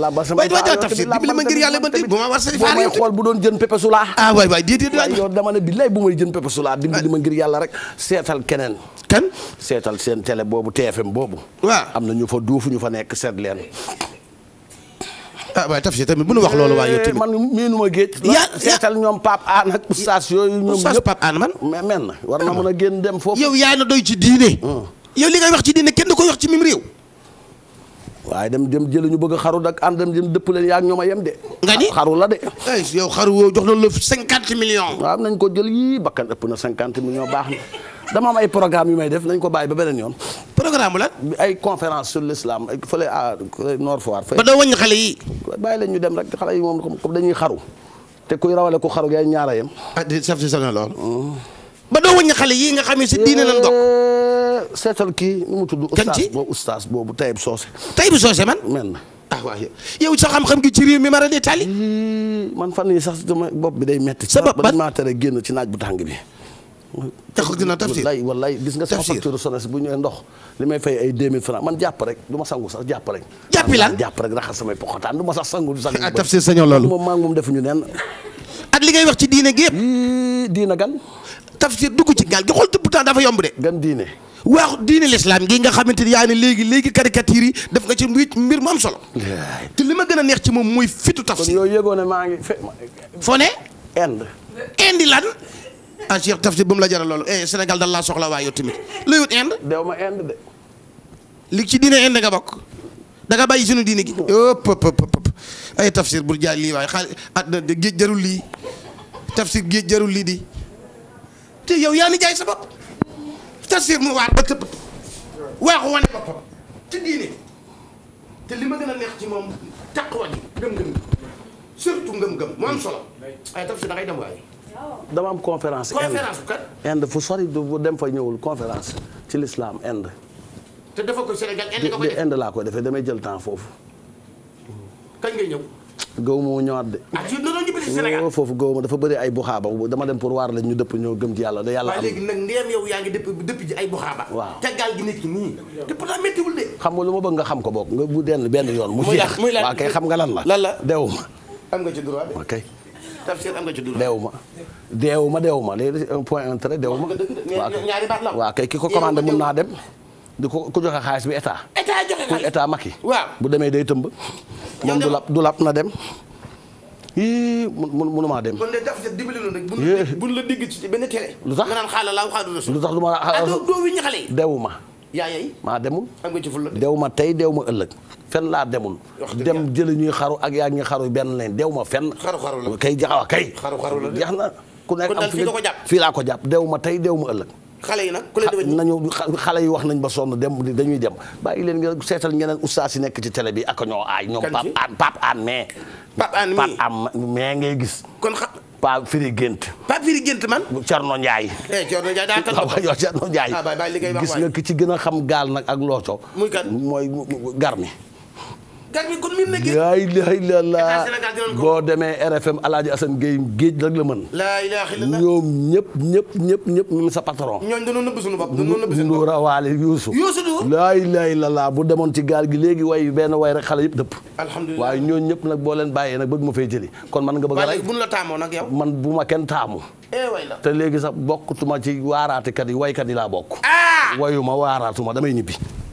lambal sama tafsir dimbali ma ngir xool bu doon jën pépé sulaa ah waay waay déedéet waay yow dama ne billaay bu may jën pépé sulaa dimbali ah. ma ngir yàlla rek seetal keneen kenn seetal seen télé boobu TFM boobu waaw am na ñu fa duufu ñu fa nekk seet leen Ah, waaye tafsir tamit bu nu wax loolu waaye yow tamit eh, man ma géej. yaa seetal ñoom Pape Aan ak oustaz yooyu. ñoom ñëpp Pape Aan man. mais men na war na ah. mën a génn dem foofu. yow yaay na doy ci diine. Hmm. yow li ngay wax ci diine kenn du ko wax ci mim réew. waaye dem dem jëli ñu bëgg a xaru nag ànd dem dëpp leen yaa ngi a yem de. nga ni xaru la de. Eh, yow xaru woo jox na la cinquante millions. waaw nañ ko jël yii bakkan ëpp na cinquante millions baax na. dama am ay programme yu may def nañ ko bàyyi ba beneen yoon. programme la. ay conférence sur l'islam ay fële à Nord Foire. ba doo xale yi. bàyyi leen ñu dem rek xale yi dañuy xaru te kuy rawale ku xaru yaay ñaara yem. ah di saf si sonal hmm. ba doo wëññi xale yii nga xam ne si eh, diine lañ bokk. seetal kii nu mu tudd. kan boobu oustaz boobu Tayib Socé. man men na. ah waaw yow sa xam-xam gi ci rii mi mara de tali. man fan yii sax dama bopp bi day metti. sa bopp ban maa tere génn ci naaj bu tàng bi. taxul ginnaaw tafsir wallaay wallaay gis nga sama facture sones bu ñëwee ndox li may fay ay 2000 francs man jàpp rek du ma sangu sax jàpp rek jàppi lan jàpp rek raxas samay ah, li ngay wax ci diine gi yëpp hmm, diina dugg ci gaal gi xool te pourtant dafa yomb de gan diine waaw diine l'islam gi nga ni léegi léegi caricature yi def nga ci mbir mu solo te li ma gën a neex ci moom mooy fitu tafsir kon yooyu inde lan ah Cheikh Tafsir bu la jaral loolu eh Sénégal dal laa soxla waaye yow tamit luy jaay lii waaye xaalis ah, géej jarul lii Tafsir géej jarul lii di te yow yaa ni jaay sa bopp mu waar ba tëpp waaxu wane boppam diine te li ma gën a neex ci moom taqwa ji surtout ngëm-ngëm mu solo ay Tafsir da dem waaye. dama am conférence. conférence kat Inde fu sori du dem fa ñëwul conférence ci l'islam Inde. te dafa ko Sénégal Inde nga ko def laa ko defee damay jël temps foofu. kañ ngay ñëw. gaw ma ñëwaat de. ah ci noonu ñibbi ci Sénégal foofu gaw ma dafa bëri ay buxaaba dama dem pour waar la ñu dëpp ñoo gëm ci yàlla da yàlla am. waaw léegi nag yow yaa ngi dëpp dëpp ji ay buxaaba. waaw tegal gi nekk nii. te pourtant méttiwul de. xam nga lu ma bëgg nga xam ko boog nga bu denn benn yoon. mu jeex waaw xam nga lan la. lan la deewuma. am nga ci tafsir am nga ci dund. deewuma deewuma deewuma léegi un euh, point un deewuma. ñaari kay ki ko commandé mën naa dem. di ko ku joxe xaalis bi état. état joxe bu demee day tëmb. moom du lap du lap na dem. yii mun de tafsir lu tax nga naan xaaral laa waxaadu rasul. deewuma. yaa yey maa demul. am nga ci dew ma tey dew ma ëllëg. fenn laa demul. dem jëli ñuy xaru ak yaa ngi xaru benn leen dew ma fenn. xaru xaru la kay jaxawa kay. xaru xaru la na ku nekk am fii ko fii laa ko jàpp dew ma tey dew ma ëllëg. xale yi nag ku leen xale yi wax nañ ba sonn dem dañuy dem ba leen nga seetal ñeneen ustaas yi nekk ci tele bi ak ñoo aay ñoom. kan ci Pape An Pape An mais. Pape An mais ngay gis kon Paa Firi Gént. Paa Firi Gént man. Thierno Ndiaye. eh Thierno Ndiaye daa tënk ko Thierno Ndiaye. gis nga ki ci gën a xam gaal nag ak looco. muy kan mooy garmi gàtt bi kon miin na géej. boo demee RFM El Hadj Assane Gueye géej rek la mën. laa ñoom ñëpp ñëpp ñëpp ñëpp même sa patron. ñooñu dañoo nëbb suñu du laa ilaaha illallaah bu demoon ci gaal gi léegi way benn way rek xale yëpp dëpp. alhamdulilah waaye ñooñu ñëpp nag boo leen bàyyee nag bëgg ma fee jëli. kon man nga bëgg a rey bu ñu la taamoo nag yow. man bu ma kenn taamu. Eh, te léegi sax bokkutuma ci waaraatekat yi waykat yi laa bokk. Ah! wayu ma waaraatuma damay ñibbi